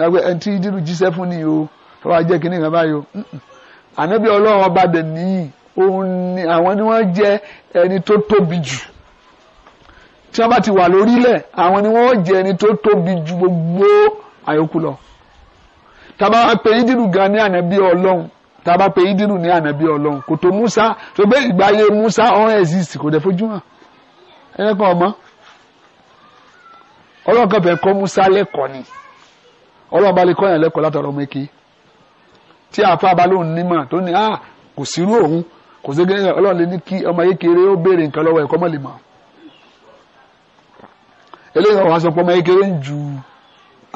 ẹgbẹ́ ẹni tí hídírù jíṣẹ́ fún ni o tọ́wọ́ ajẹ́ kínní kan báyìí o ànábì ọlọ́run ọba dẹ̀ nìyí òun ni àwọn ni wọ́n jẹ́ ẹni tó tóbi jù tí wọ́n bá ti wà lórílẹ̀ àwọn ni wọ́n jẹ́ ẹni tó tóbi jù gbogbo àyókù lọ. Taba pé ìdírù gan ní ànábì ọlọ́run tábà pé ìdírù ní ànábì ọlọ́run kò musa tó gbé ìgbà musa ọ̀rọ̀ exist kò dẹ̀ fojú hàn ẹ̀rẹ́ ọmọ ọlọ́run kan fẹ́ kọ́ musa lẹ́kọ̀ọ́ ni ọlọ́run bá lè kọ́ yàn lẹ́kọ̀ọ́ látọ̀rọ̀ ọmọ èké tí àáfàá bá lóun nímọ̀ tó ní ah kò sírú òun kò sí gẹ́gẹ́ ọlọ́run lè ní kí ọmọ yékeré ó béèrè nǹkan lọ́wọ́ ẹ̀kọ́ mọ̀ lè eléyìí ọ̀hún aṣọ pọ̀ ọmọ yékeré ń ju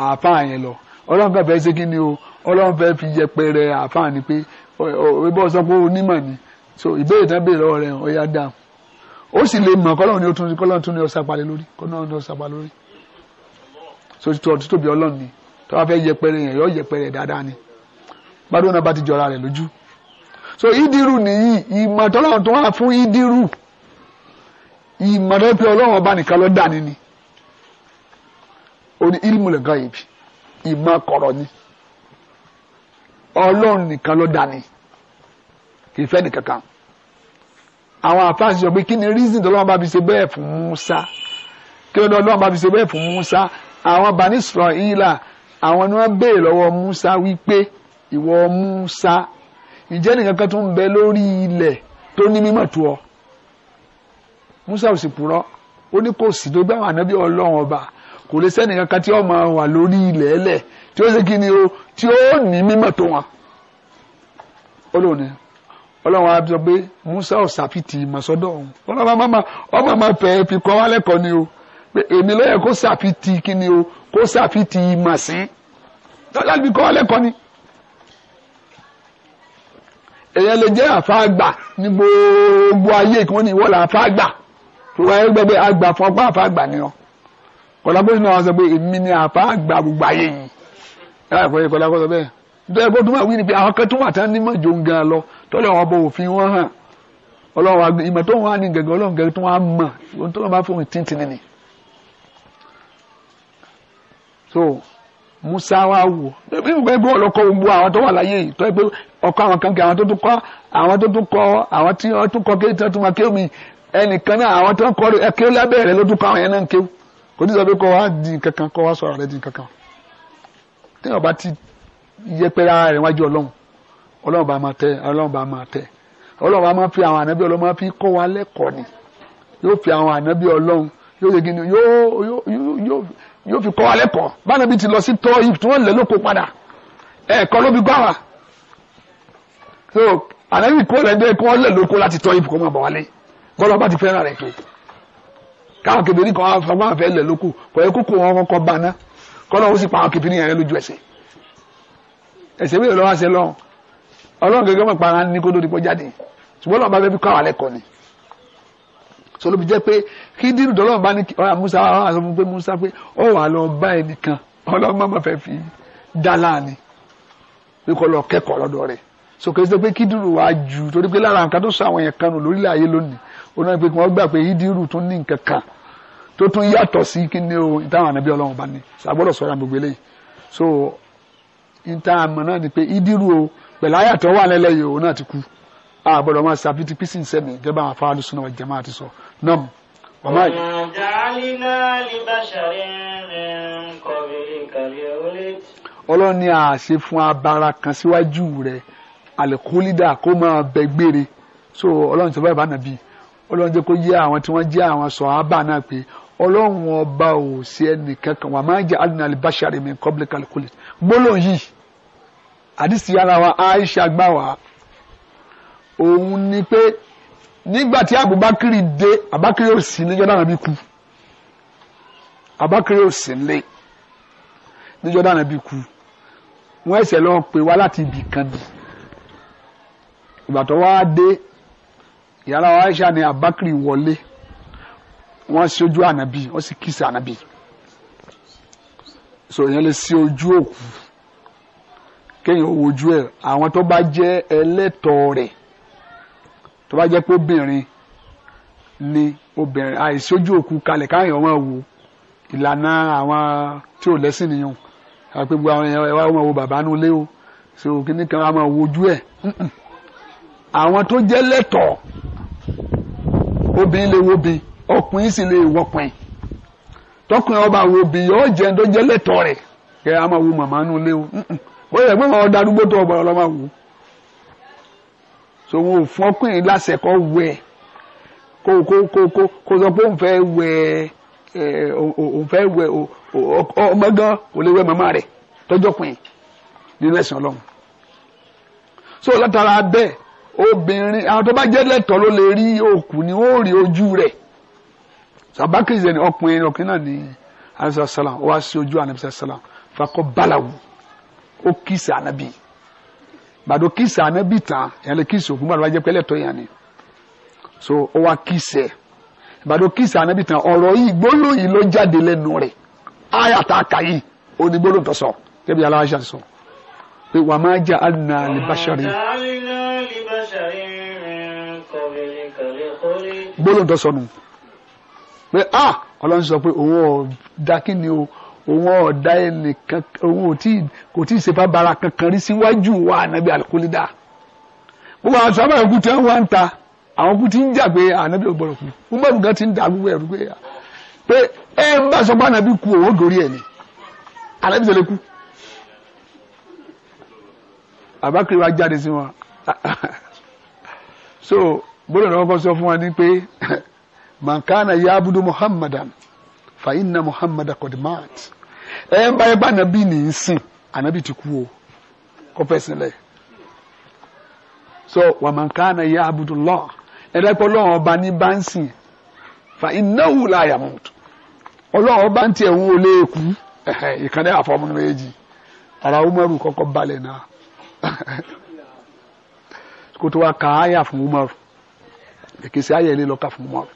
àáfàá yẹn lọ ọlọ́run bẹ̀bẹ̀ ṣe kí ni o ọlọ́run fẹ́ fi yẹpẹrẹ àfáà ni pé ìbọn sọ pé onímọ̀ ni so ìbéèrè tán béèrè lọ́wọ́ rẹ̀ ọ̀yà dáa ó sì lè mọ̀ kọ́lọ́run ni ó tún kọ́lọ́run tún ní ọ̀sà palẹ̀ lórí kọ́lọ́run ní ọ̀sà palẹ̀ lórí so títí tóbi ọlọ́run ni tó bá fẹ́ yẹpẹrẹ yẹn yọ yẹpẹrẹ dáadáa ni gbádùn náà bá ti jọra rẹ̀ lójú so ìdírù nìyí ìmọ̀ tọ́lọ́run tó wà fún ìdírù ìmọ̀ tọ́lọ́run ọba nìkan ló dà ní ni ó ní ilmu lẹ́gàn yìí ìmọ̀ kọ̀rọ̀ ni ọlọ́run nìkan ló dá ni kì í fẹ́ nìkankan àwọn àfáàsì sọ pé kí ni reason tó lọ́wọ́ bá fi ṣe bẹ́ẹ̀ fún Musa kí ló lọ́wọ́ bá fi ṣe bẹ́ẹ̀ fún Musa àwọn Bani Israila àwọn ni wọ́n béèrè lọ́wọ́ Musa wípé ìwọ Musa ǹjẹ́ nìkan kan tó ń bẹ lórí ilẹ̀ tó ní mímọ̀ tó ọ Musa ò sì purọ́ ó ní kò sí tó gbé àwọn ànábì ọlọ́run ọba kò lè sẹ́ni kankan tí ó máa wà lórí ilẹ̀ ẹlẹ̀ tí ó ṣe kí ni o tí ó ní mímọ̀ tó wọn. olóhùn ni ọlọ́run á sọ pé Musa ọ̀sàfìtì ìmọ̀sọ́dọ̀ ọ̀hún ọlọ́run máa ọmọ máa pẹ̀ fi kọ́ wálẹ̀ kọ́ ni o pé èmi lọ́yẹ̀ kó sàfìtì kí ni o kó sàfìtì ìmọ̀sìn tọ́jà fi kọ́ wálẹ̀ kọ́ ni. èèyàn lè jẹ́ àfáàgbà ní gbogbo ayé kí wọ́n ní ìwọ́lá àfáàgbà tó wáyé gbẹ́gbẹ́ àgbà fún ọgbà àfáàgbà ni kọlábóyè náà wọ́n sọ pé èmi ni àfa àgbà gbogbo ayé yìí hmm. ẹ láì fọyín kọlábó sọ bẹ́ẹ̀ nítorí pé ọdún wí ni pé àwọn kan tó wà tán ní mọ̀jọ gan lọ tọ́lẹ̀ wọn bọ òfin wọn hàn ọlọ́run àgbẹ̀ ìmọ̀ tó wọn á ní gẹ̀gẹ̀ ọlọ́run gẹ̀gẹ̀ tó wọn á mọ̀ ohun tó wọn bá fún tìǹtìǹ ni. so Musa wa wò ẹgbẹ́ ẹgbẹ́ ọlọ́kọ̀ gbogbo àwọn tó wà láyé yìí tọ́ ẹgbẹ́ ọkọ̀ àwọn kan kí àwọn tó tún kọ́ àwọn tó tún kọ́ àwọn tí wọ́n tún kọ́ kéwì tí wọ́n tún máa kéwì ẹnìkan náà àwọn tó ń kọ́ kéwì lábẹ́ rẹ̀ ló tún kọ́ àwọn yẹn náà kéwì kò ní sọ kọ́ wá di kankan kọ́ wá sọ̀rọ̀ rẹ di kankan téèyàn bá ti yẹpẹrẹ ara rẹ wájú ọlọ́run ọlọ́run bá máa tẹ ọlọ́run bá máa tẹ ọlọ́run bá máa fi àwọn ànábì ọlọ́run máa fi kọ́ wa lẹ́kọ̀ọ́ ni yóò fi àwọn ànábì ọlọ́run yóò yegi ni yóò yóò yóò fi kọ́ wa lẹ́kọ̀ọ́ báwọn ibi ti lọ sí tọ́ if tí wọ́n lè lóko padà ẹ̀ẹ̀kọ́ ló fi gbá wa so ànábì kó rẹ̀ dé kó wọ́n lè lóko láti tọ́ if kó káwọn kẹfìrí kan wá fọwọ́ àfẹ́ lẹ̀ lóko kò yẹ kókó wọn kọ́kọ́ bá ná kọ́nà ó sì pa àwọn kẹfìrí yẹn lójú ẹsẹ̀ ẹsẹ̀ bí ìlọ́wọ́ ṣe lọ́wọ́ ọlọ́run gẹ́gẹ́ mọ̀ para ní kó lórí pọ́ jáde ṣùgbọ́n lọ́wọ́ bá fẹ́ fi kọ́ àwọn alẹ́kọ̀ọ́ ni sọlọ́bi jẹ́ pé kí dínú dọ́lọ́run bá ní ọ̀rà Musa ọ̀rà Musa pé ó wà lọ bá ẹnìkan ọlọ́run má má fẹ́ fi dá láàánì pé kọ́ lọ kẹ́kọ̀ọ́ lọ́dọ̀ rẹ̀ so kò sí pé kí dùrù wá ju torí pé lára nǹkan tó sọ àwọn yẹn kanu lórílẹ̀ ayé lónìí òun náà pé kí wọ́n gbà pé ìdírù tún ní nǹkan kan tó tún yàtọ̀ sí kí ni o ìtàn ànábì ọlọ́run bá ní sàgbọ́dọ̀ sọ̀rọ̀ gbogbo eléyìí so ìtàn àmọ́ náà ni pé ìdírù o pẹ̀lú ayàtọ̀ wà lẹ́lẹ́ yìí òun náà ti kú àgbọ̀dọ̀ máa sàbítí písìn sẹ́mi gẹ́gẹ́ bá àwọn afáàlù súná wal jàmáà àti sọ fún abara kan síwájú rẹ̀ alikúlídà kó máa bẹ gbére so ọlọ́run ti bá ìbánu bí ọlọ́run jẹ́ kó yé àwọn tí wọ́n jẹ́ àwọn sọ̀hábà náà pé ọlọ́run ọba ò sí ẹnì kankan wà máa jẹ́ alina alibashari mi kọ́bílẹ̀ kalikúlì gbólóhùn yìí àdìsí ara wa Aisha gbà wá òun ni pé nígbà tí Abubakar dé Abubakar ò sí níjọ́ náà bí kú Abubakar ò sí nílé níjọ́ náà bí kú wọ́n ẹsẹ̀ lọ́ọ́ pè wá láti ibì kan ni ìgbà tó wá dé ìyára wa Aisha ni Abakiri wọlé wọ́n ṣojú ànábì wọ́n sì kìsì ànábì so ìyẹn lè ṣe ojú òkú kéèyàn ò wojú ẹ̀ àwọn tó bá jẹ́ ẹlẹ́tọ̀ọ́ rẹ̀ tó bá jẹ́ pé obìnrin ni obìnrin àìsójú òkú kalẹ̀ káyọ̀ wọn wò ìlànà àwọn tí ò lẹ́sìn nìyẹn àpégbò àwọn ẹ̀wà wọn wo bàbá nulẹ̀ o so kíní kan àwọn wojú ẹ̀ àwọn tó jẹ́ lẹ́tọ̀ọ́ obìnrin lè wo bi ọkùnrin sì lè wọkùnrin tọkùnrin ọba wo bi yóò jẹ́ tó jẹ́ lẹ́tọ̀ọ́ rẹ̀ kẹ́ a máa wo màmá nù lé o bóyá ẹ̀gbọ́n màmá ọ̀dà àdúgbò tó ọba ọlọ́mà wò so wọn ò fún ọkùnrin láṣẹ kó wẹ̀ kó kó kó kó kó sọ pé òun fẹ́ wẹ̀ òun fẹ́ wẹ̀ ọmọ gan kò lè wẹ̀ màmá rẹ̀ tọ́jọ́kùnrin nínú ẹ̀sìn ọlọ́run so látara bẹ́ẹ̀ obìnrin àwọn tó bá jẹ́ lẹ́tọ̀ọ́ ló lè rí òkú ni ó rí ojú rẹ̀ sàbákìsì ẹni ọkùnrin ọkùnrin náà ní anabisa salam wá sí ojú anabisa salam fakọ balawu ó kìsì anabi gbàdó kìsì anabi tán ìyẹn lè kìsì òkú gbàdó bá jẹ́ pé lẹ́tọ̀ọ́ yẹn ni so ó wá kìsì ẹ̀ gbàdó kìsì anabi tán ọ̀rọ̀ yìí gbólóyìn ló jáde lẹ́nu rẹ̀ ayàtà kàyí onígbólóyìn tó sọ kébìyàn aláwáṣà sọ pé wàá má jà alìnà àlìbáṣà rẹ̀. gbólóhùn tó sọnù pé a ah! ọlọ́run sọ pé òun ò kí ni o òun ò dá ẹnìkan òun ò bara kankan rí síwájú wa ànábì àlùkòlídà gbogbo àwọn sábà ẹkú tí ń ti ń jà pé ò gbọ́dọ̀ kú gbogbo ti sọ pé òun gòrí ni so bóyá ní wọ́n bá sọ fún wa ní pé mankana yabudu muhammadan fàyínà muhammad akọdìmáàt ẹ ń bá yẹ bá nàbí ní í sìn ànábì ti kú o kó fẹ́ sílẹ̀ so wà mankana yabudu lọ ẹ dẹ́pọ̀ lọ́wọ́ ọba ní bá ń sìn fàyínà wùlá yàmùtù ọlọ́wọ́ bá ń tiẹ̀ ń wọlé kú ìkànnì àfọmúnú méjì ara umaru kọ́kọ́ balẹ̀ náà. kó tó wá ka àyà fún Umar èkìsí àyà ilé lọ́ka fún Umar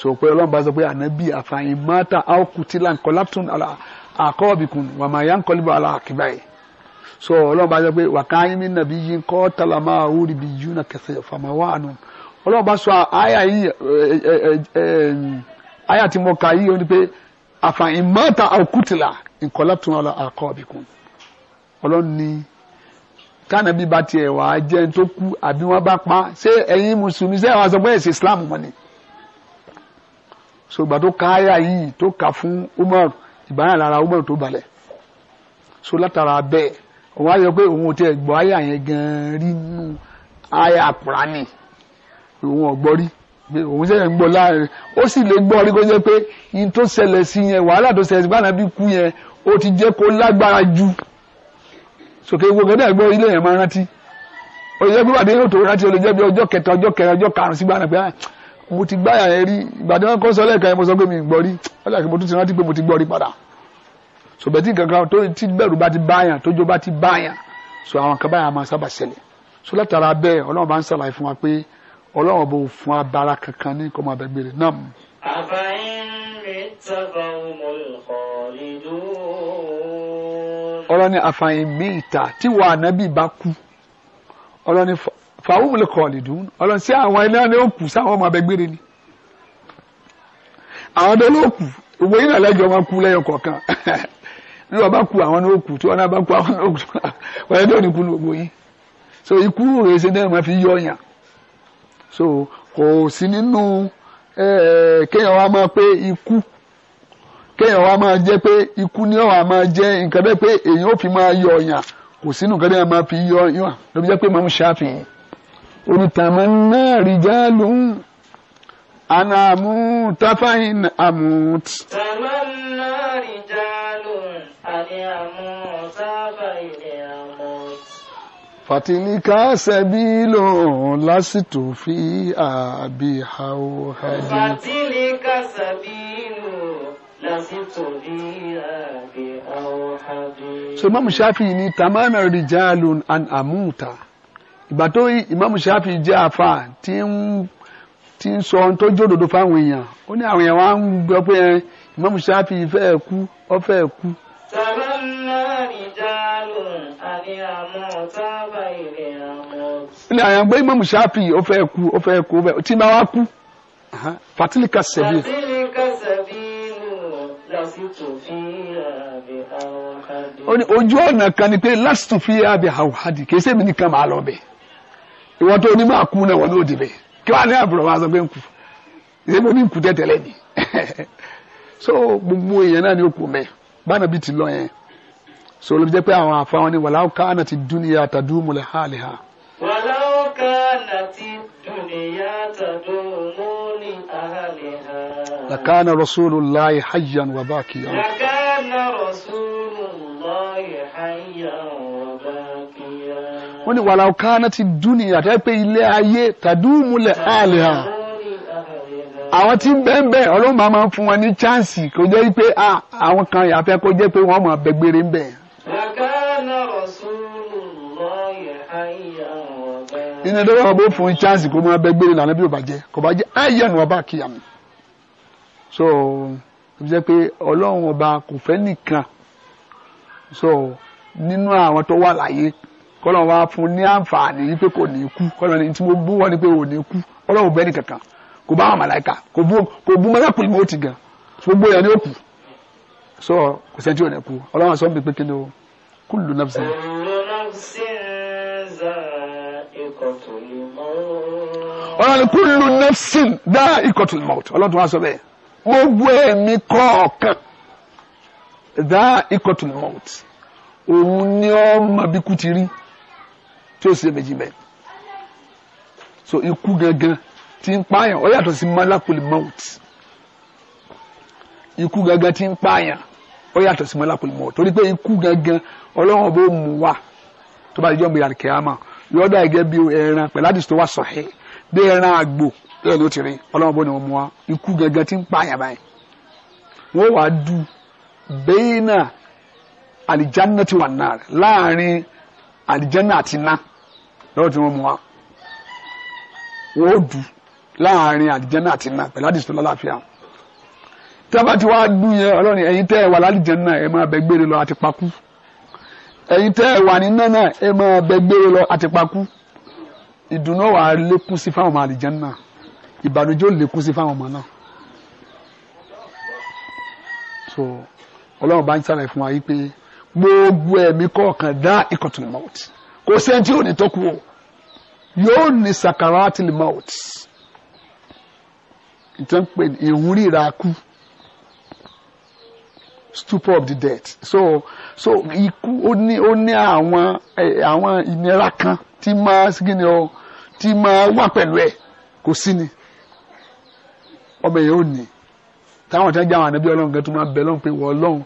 so pé ọlọ́run bá sọ pé ànábì àfààní mọ́tà àókùtìlà nkọ́láptún àkọ́ọ̀bìkún wàmáyà nkọ́líbà àlàkìbáyé so ọlọ́run bá sọ pé wàkàáyín mi nàbí yín kọ́ tàlámà àwúrí bí yún náà kẹsẹ̀ fàmáwá àánú ọlọ́run bá sọ àyà yìí àyà tí mo kà yìí ó ní pé àfààní mọ́tà àókùtìlà nkọ́láptún àkọ́ọ̀bìkún ọlọ́run ní tánàbí bá tiẹ̀ wà á jẹ́ tó kú àbí wọ́n bá pa ṣé ẹ̀yin mùsùlùmí ṣé àwọn àṣọpọ̀ ẹ̀sìn islam wọn ni. so ìgbà tó ka àyà yìí tó kà fún umar ìgbà náà lára umar tó balẹ̀ so látara bẹ́ẹ̀ òun á yọ pé òun ò tiẹ̀ gbọ́ àyà yẹn gan-an rí nù àyà kúránì òun ò gbọ́ rí òun ṣẹ̀yẹ̀ ń gbọ́ láàrin ó sì lè gbọ́ rí kó jẹ́ pé yín tó ṣẹlẹ̀ sí yẹn wàhálà tó ṣẹlẹ̀ sí sókè wo gẹ́gẹ́ ẹgbẹ́ ilé yẹn máa rántí òṣìṣẹ́ pé bàdé yóò tó rántí olè jẹ́ bí ọjọ́ kẹta ọjọ́ kẹrin ọjọ́ karùn-ún sígbà náà pé ah, mo ti gbáyà yẹn rí ìgbàdé wọn kọ́ sọ lẹ́ẹ̀kan yẹn mo sọ pé mi gbọ́ rí ọjà kí mo tún ti rántí pé mo ti gbọ́ rí padà sọ̀bẹ̀tì kankan tó ti bẹ̀rù bá ti báyàn tójó bá ti báyàn so àwọn kan báyà máa sábà ṣẹlẹ̀ so látara bẹ́ẹ̀ ọlọ́run bá ń ṣàlàyé fún wa pé ọlọ́run bò ọlọ́ni àfààyàn mẹ́ta tí wọ́n ànábì bá kú ọlọ́ni fàáwùmùlẹ̀ kọ́ọ̀lì dùn ọlọ́ni sí àwọn ilé ọ̀nà òkú sáwọn ọmọ abẹ́gbére ni àwọn ọdọ ló kù òwe yìí nàlẹ́jọ́ wọn kú lẹ́yọ kọ̀ọ̀kan bí wọ́n bá kú àwọn náà kù tí wọ́n náà bá kú àwọn náà kù wọ́n yẹ dọ́ọ̀nì kú gbogbo yìí so ikú rèé ṣe náà máa fi yọ ọ̀yàn so kò sí nínú eh, kéèyàn wa máa pé ikú kéèyàn wá máa jẹ́ pé ikú ni ó wá máa jẹ́ nǹkan bẹ́ẹ̀ pé èèyàn ó fi máa yọ ọ̀yàn kò sínú nǹkan bẹ́ẹ̀ máa fi yọ ọ̀yàn ló jẹ́ pé màmú ṣáfì onítàmọ́ náà rí já lóhùn àná àmú táfáyín àmú. tàmọ́ náà rí já lóhùn àní àmú táfáyín àmú. fàtìlíkà sẹ́bí lòun lásìtò fi àbí àwòhádì. fàtìlíkà sẹ́bí lòun so imam shafi ni tamama rijalun an amuta ìgbà tó imam shafi jẹ́ afa tí ń tí ń sọ ohun tó jòdòdó fáwọn èèyàn ó ní àwọn èèyàn wá ń gbọ́ pé imam shafi fẹ́ kú ó fẹ́ kú. tamama rijalun an amuta bayre amuta. ilé àyàn gbé imam shafi ó fẹ́ kú ó fẹ́ kú ó fẹ́ kú tí bá wá kú fatilika sẹ́yìn ó ní ojú ọ̀nà kan ni pé lásìtò fi àbí àwòhádì kì í sèmi nìkan máa lọ bẹ̀ ìwọ́n tó ní máa kú náà wọ́n ní òdì bẹ̀ kí wọ́n á ní àbúrò wa sọ pé ń kú ìsèmi ní nkú tẹ́tẹ́lẹ̀ ni so gbogbo èèyàn náà ni ó kú mẹ́ báyìí bí ti lọ yẹn so olùbí jẹ́ pé àwọn àfa wọn ni wàláwù káànà ti dúnìyà tàdúmù lè hà lè hà. wàláwù káànà ti dúnìyà tàdúmù lè hà lè hà. لكان رسول الله حيا وباكيا لكان رسول الله حيا وباكيا wọ́n ní wàlá ọ̀kánà ti dúnìyà tẹ́ pé ilé ayé tàdúmùlẹ̀ àlẹ́ hàn àwọn tí ń bẹ́ẹ̀ bẹ́ẹ̀ ọlọ́run máa máa fún wọn ní chánsì kó jẹ́ pé àwọn kan yàtọ̀ kó jẹ́ pé wọ́n máa bẹ́gbére ń bẹ̀. ìnáwó àwọn fún chánsì kó máa bẹ́gbére lànà bí ò bá kò bá jẹ́ ayé ni wọ́n bá kíyàmù so ó jẹ́ pé ọlọ́run ọba kò fẹ́ nìkan so nínú àwọn tó wà láyé kọ́lọ́run wá fún ní àǹfààní wípé kò ní kú kọ́lọ́run ní tí mo bú wọ́n ni pé ò ní kú ọlọ́run ò bẹ́ ní kankan kò bá àwọn màláìka kò bú kò bú mọ́tàkùn ìmọ̀ òtì gan gbogbo yẹn ni ó kù so kò sẹ́ni tí ò ní kú ọlọ́run sọ ń bí pé kí ni o kullu nafsin. ọlọ́run kullu nafsin dá ikọ̀tùlùmọ̀t ọlọ́run tó wá sọ bẹ́ẹ̀ gbogbo ẹ̀mí kọ̀ọ̀kan dá ikọ̀ tó lè mọ̀t òun ni ọmọ bí kú ti rí tí ó sì méjì bẹ́ẹ̀ so ikú gangan ti ń pààyàn ó yàtọ̀ sí malakuli mọ̀t ikú gangan ti ń pààyàn ó yàtọ̀ sí malakuli mọ̀t torí pé ikú gangan ọlọ́run bó mú wa tó bá di jọ́ gbé yàrá kẹ́hámà yọ̀ọ́dà gẹ́gẹ́ bí ẹran pẹ̀lú àdìsí tó wà sọ̀hẹ́ bí ẹran àgbò lóyè ló ti rí ọlọ́wọ́n bó ni wọ́n mú wa ikú gangan ti ń pààyàn báyìí wọ́n wàá du bẹ́ẹ̀nà àlìjáná ti wà náà láàrin àlìjáná àti iná lọ́wọ́ tí wọ́n mú wa wọ́n du láàrin àlìjáná àti iná pẹ̀lú àdìsí tó lálàáfíà tábà tí wàá du yẹn ọlọ́run ẹ̀yin tẹ́ ẹ wà lálìjáná ẹ máa bẹ gbére lọ àti pakú ẹ̀yin tẹ́ ẹ wà ní náà ẹ máa bẹ gbére lọ àti pakú ìdùnnú wàá lékún sí fáwọn àlìjáná ìbànújẹ́ ò lékún sí fáwọn ọmọ náà so ọlọ́run bá ń sàlàyé fún wa yìí pé gbogbo ẹ̀mí kọ̀ọ̀kan dá ikọ̀tún mọ́ọ̀t kò sẹ́ńtì ò tó kú o yóò ní sakaratil mọ́ọ̀t ìtàn pé ìwúrí ra kú stupor of the dead so so ikú ó ní ó ní àwọn àwọn ìnira kan tí máa sí kí ni tí máa wà pẹ̀lú ẹ̀ kò sí ni ọmọ èèyàn ò ní táwọn ọ̀tá jẹ́ àwọn ànábì ọlọ́run kan tó máa bẹ lọ́run pé wọ́n ọlọ́run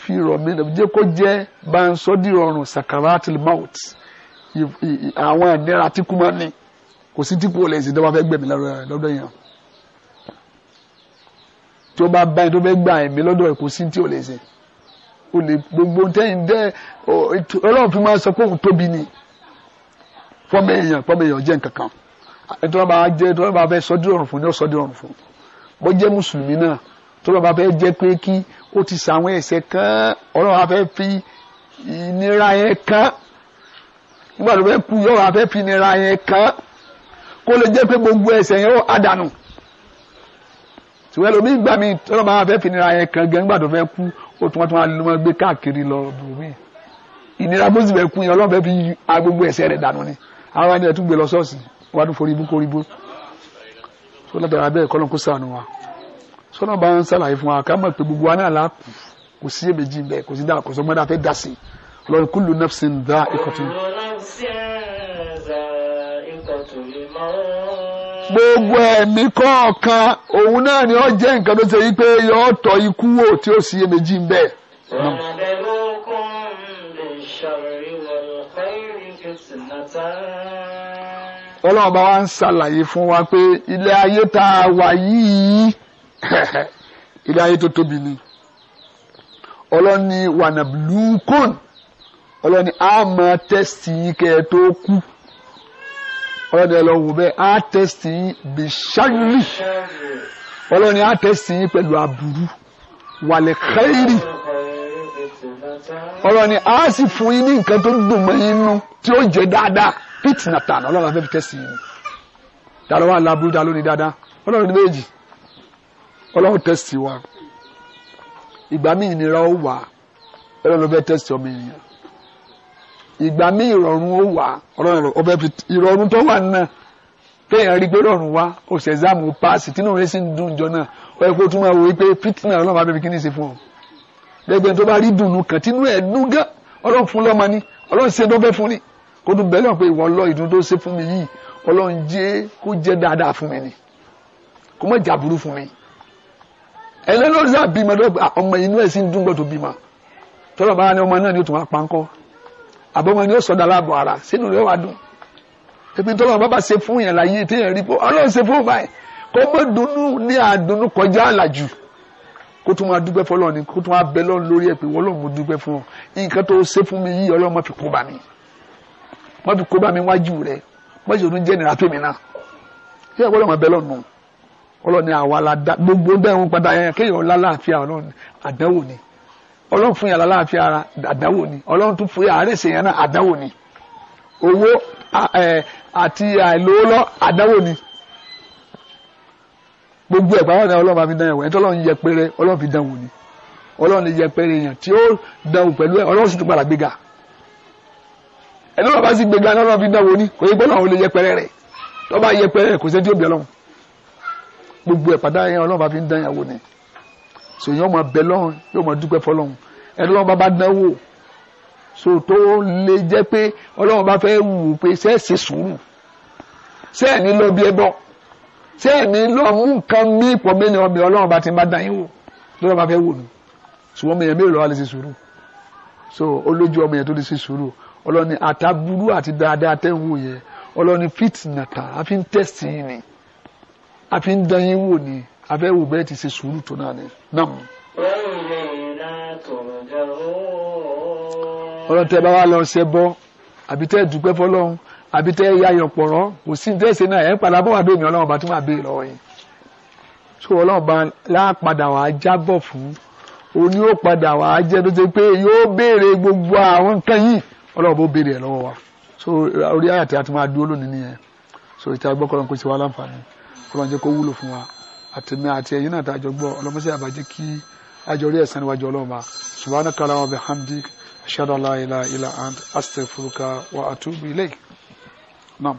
fi rọ̀ mí jẹ́ kó jẹ́ bá ń sọ dì rọrùn sakaratil maut àwọn ìnira tí kú máa ní kò sí tí kú ò lè ṣe dọ́wọ́ fẹ́ gbẹ̀mí lọ́dọ̀ yẹn tí ó bá bá yẹn tó fẹ́ gbà ẹ̀mí lọ́dọ̀ ẹ̀ kò sí tí ò lè o lè gbogbo tẹ́yìn dẹ́ ọlọ́run fi máa sọ pé òun tóbi ni fọ́mọ èèyàn fọ́mọ nǹkan kan ẹtọ́ bá jẹ́ ẹtọ́ bá fẹ́ sọ́dí ọ̀run fún ní ọ̀sọ́dí ọ̀run fún bó jẹ́ mùsùlùmí náà tó bá fẹ́ jẹ́ pé kí ó ti sàwọn ẹ̀ṣẹ̀ kan ọlọ́run afẹ́ fi ìnira yẹn kan nígbà tó fẹ́ kú yọ̀ọ́ afẹ́ fi ìnira yẹn kan kó lè jẹ́ pé gbogbo ẹ̀ṣẹ̀ yẹn ó àdànù tìwẹ́ ìgbà mi tọ́lọ́ bá fẹ́ fi ìnira yẹn kan gẹ́ nígbà tó fẹ́ kú ó tún wọn tún wọn gbé káàkiri lọ bùnmí ìnira bó sì fẹ́ kú yẹn ọlọ́run fẹ́ fi agbogbo ẹ̀ṣẹ̀ rẹ̀ dànù ni àwọn ẹni ẹ̀ tún gbé lọ sọ́ọ̀sì wà á tún forí ibú kó rí ibú so látara bẹ́ẹ̀ kọ́ ló ń kó sànù wa sọ́nà bá ń sàlàyé fún wa ká mọ̀ pé gbogbo wa náà láàpù kò sí èméjì bẹ́ẹ̀ kò sí dáa kò sọ́gbọ́n dáa fẹ́ dá sí ọlọ́run kullu nafsin dha'iqatul gbogbo ẹ̀mí kọ̀ọ̀kan òun náà ni ó jẹ́ nǹkan tó ṣe yí pé yọ tọ́ ikú wò tí ó sì èméjì bẹ́ẹ̀. وَنَبْلُوكُمْ بِالشَّرِّ وَالْخَيْرِ فِتْنَةً ọlọ́run bá wa ń ṣàlàyé fún wa pé ilé ayé tá a wà yìí ilé ayé tó tóbi ni ọlọ́ni wànàbùlùkùn ọlọ́ni a máa tẹ́sítì yín kẹ́ ẹ tó kú ọlọ́ni ẹ lọ wò bẹ́ẹ̀ a tẹ́sítì yín bìṣáyìrì ọlọ́ni a tẹ́sítì yín pẹ̀lú aburú wàlẹ̀ kẹ́rì ọlọ́ni a sì fún yín ní nǹkan tó dùn mọ́ yín nú tí ó jẹ́ dáadáa fitinatan ọlọ́run afẹ́ fi tẹ̀sí i dàlọ́ wà lábúrú dàlọ́ ní dáadáa ọlọ́run ní méjì ọlọ́run tẹ̀sí wa ìgbà mi ìnira ó wà ọlọ́run fẹ́ tẹ̀sí ọmọ ènìyàn ìgbà míì ìrọ̀rùn ó wà ọlọ́run ọbẹ̀ fi ìrọ̀rùn tó wà náà kéèyàn rí pé rọ̀rùn wá ó ṣe exam paasi tínú rẹ sì ń dùn jọ náà ó yẹ kó tún máa wò ó pé fitina ọlọ́run afẹ́ fi kí ni ṣe fún ọ lẹ́gbẹ̀ẹ́ tó bá rí dùnú kan tínú ẹ̀ dùn gán ọlọ́run fún lọ́mọ ni ọlọ́run ṣe tó fẹ́ fún ni kó tún bẹ́ẹ̀ lọ́n pé ìwọ lọ ìdun tó ṣe fún mi yìí ọlọ́run jẹ́ kó jẹ́ dáadáa fún mi ni kó má jàbúrú fún mi ẹ̀lẹ́ ló sá bímọ ah, ọmọ inú ẹ̀ sì ń dún gbọ́dọ̀ bímọ tọ́lọ̀ bá ní ọmọ náà ni ó tún máa pa ńkọ́ àbọ̀mọ ni ó sọ̀dà láàbọ̀ ara sínú rẹ̀ wá dùn ebi tọ́lọ̀ bá ṣe fún yẹn láyé téèyàn rí pọ́ ọlọ́run ṣe fún báyìí kó mọ́ dunnú ní wọ́n fi kó bá mi wájú rẹ̀ wọ́n sì tún jẹ́ ìnira tó mi náà ṣé ẹ gbọ́dọ̀ mọ̀ bẹ́ẹ̀ lọ́nu ọlọ́ni àwa la dá gbogbo bẹ́ẹ̀ wọn padà yẹn kéèyàn lálàáfíà ọlọ́run àdánwò ni ọlọ́run fún yàrá láàfin ara àdánwò ni ọlọ́run tún fún yàrá àrẹ̀sẹ̀ yẹn náà àdánwò ni owó àti àìlówó àdánwò ni gbogbo ẹ̀ pàápàá náà ọlọ́run bá fi dán ẹ̀wọ̀ ẹ̀ tí ọlọ́run yẹpẹrẹ ọlọ́run fi dánwò ni ọlọ́run yẹpẹrẹ èèyàn tí ó dánwò pẹ̀lú ẹ̀ ọlọ́run sì tún padà gbéga ẹni wọn bá sì gbégbá náà lọ́wọ́ fi dánwò ní kò yẹ pé Ọlọ́run lè yẹpẹrẹ rẹ̀ tó bá yẹpẹrẹ rẹ̀ kò sẹ́ni tí ó bẹ̀ Ọlọ́run gbogbo ẹ̀ padà yẹn Ọlọ́run bá fi ń dán ìyàwó ni so yẹn ọmọ bẹ lọ́run yóò mọ dúpẹ́ fọlọ́run ẹni Ọlọ́run bá bá dánwò so tó lè jẹ́ pé Ọlọ́run bá fẹ́ wù pé sẹ́ẹ̀sì sùúrù sẹ́ẹ̀ni lọ bí ẹbọ sẹ́ẹ̀ni lọ mú nǹkan mí pọ̀ mẹ́ni ọmọ Ọlọ́run ọlọ́ni àtàbúrú àti dáadáa tẹ́ ń wò yẹn ọlọ́ni fìtìnàtà a fi ń tẹ̀sí ni a fi ń dán yín wò ni a fẹ́ wò bẹ́ẹ̀ ti ṣe sùúrù tó náà ni nam. ọlọ́ni tẹ́ bá wà lọ ṣe bọ́ àbí tẹ́ dúpẹ́ fọlọ́run àbí tẹ́ ya yọ̀pọ̀rọ̀ kò sí ní tẹ́sí náà ẹ̀ ń padà bọ́ wà bẹ́ẹ̀ mi ọlọ́run bá tún wà bẹ́ẹ̀ lọ́wọ́ yìí so ọlọ́run bá lápadà wà á jábọ̀ fún òní ó padà wà á jẹ́ tó ṣe pé yóò béèrè gbogbo àwọn nǹkan yìí ọlọ́run bó béèrè ẹ̀ lọ́wọ́ wa so orí àyàtí a máa dúró lónìí nìyẹn so ìta gbọ́ kọ́lọ́n kó ti wá láǹfààní kọ́lọ́n jẹ́ kó wúlò fún wa àtẹ̀mí àti ẹ̀yin náà tá a jọ gbọ́ ọlọ́mọṣẹ́ àbájẹ́ kí a jọ rí ẹ̀san níwájú ọlọ́run bá subhanaka wa bihamdik ashhadu an la ilaha illa ant wa atubu ilayk naam.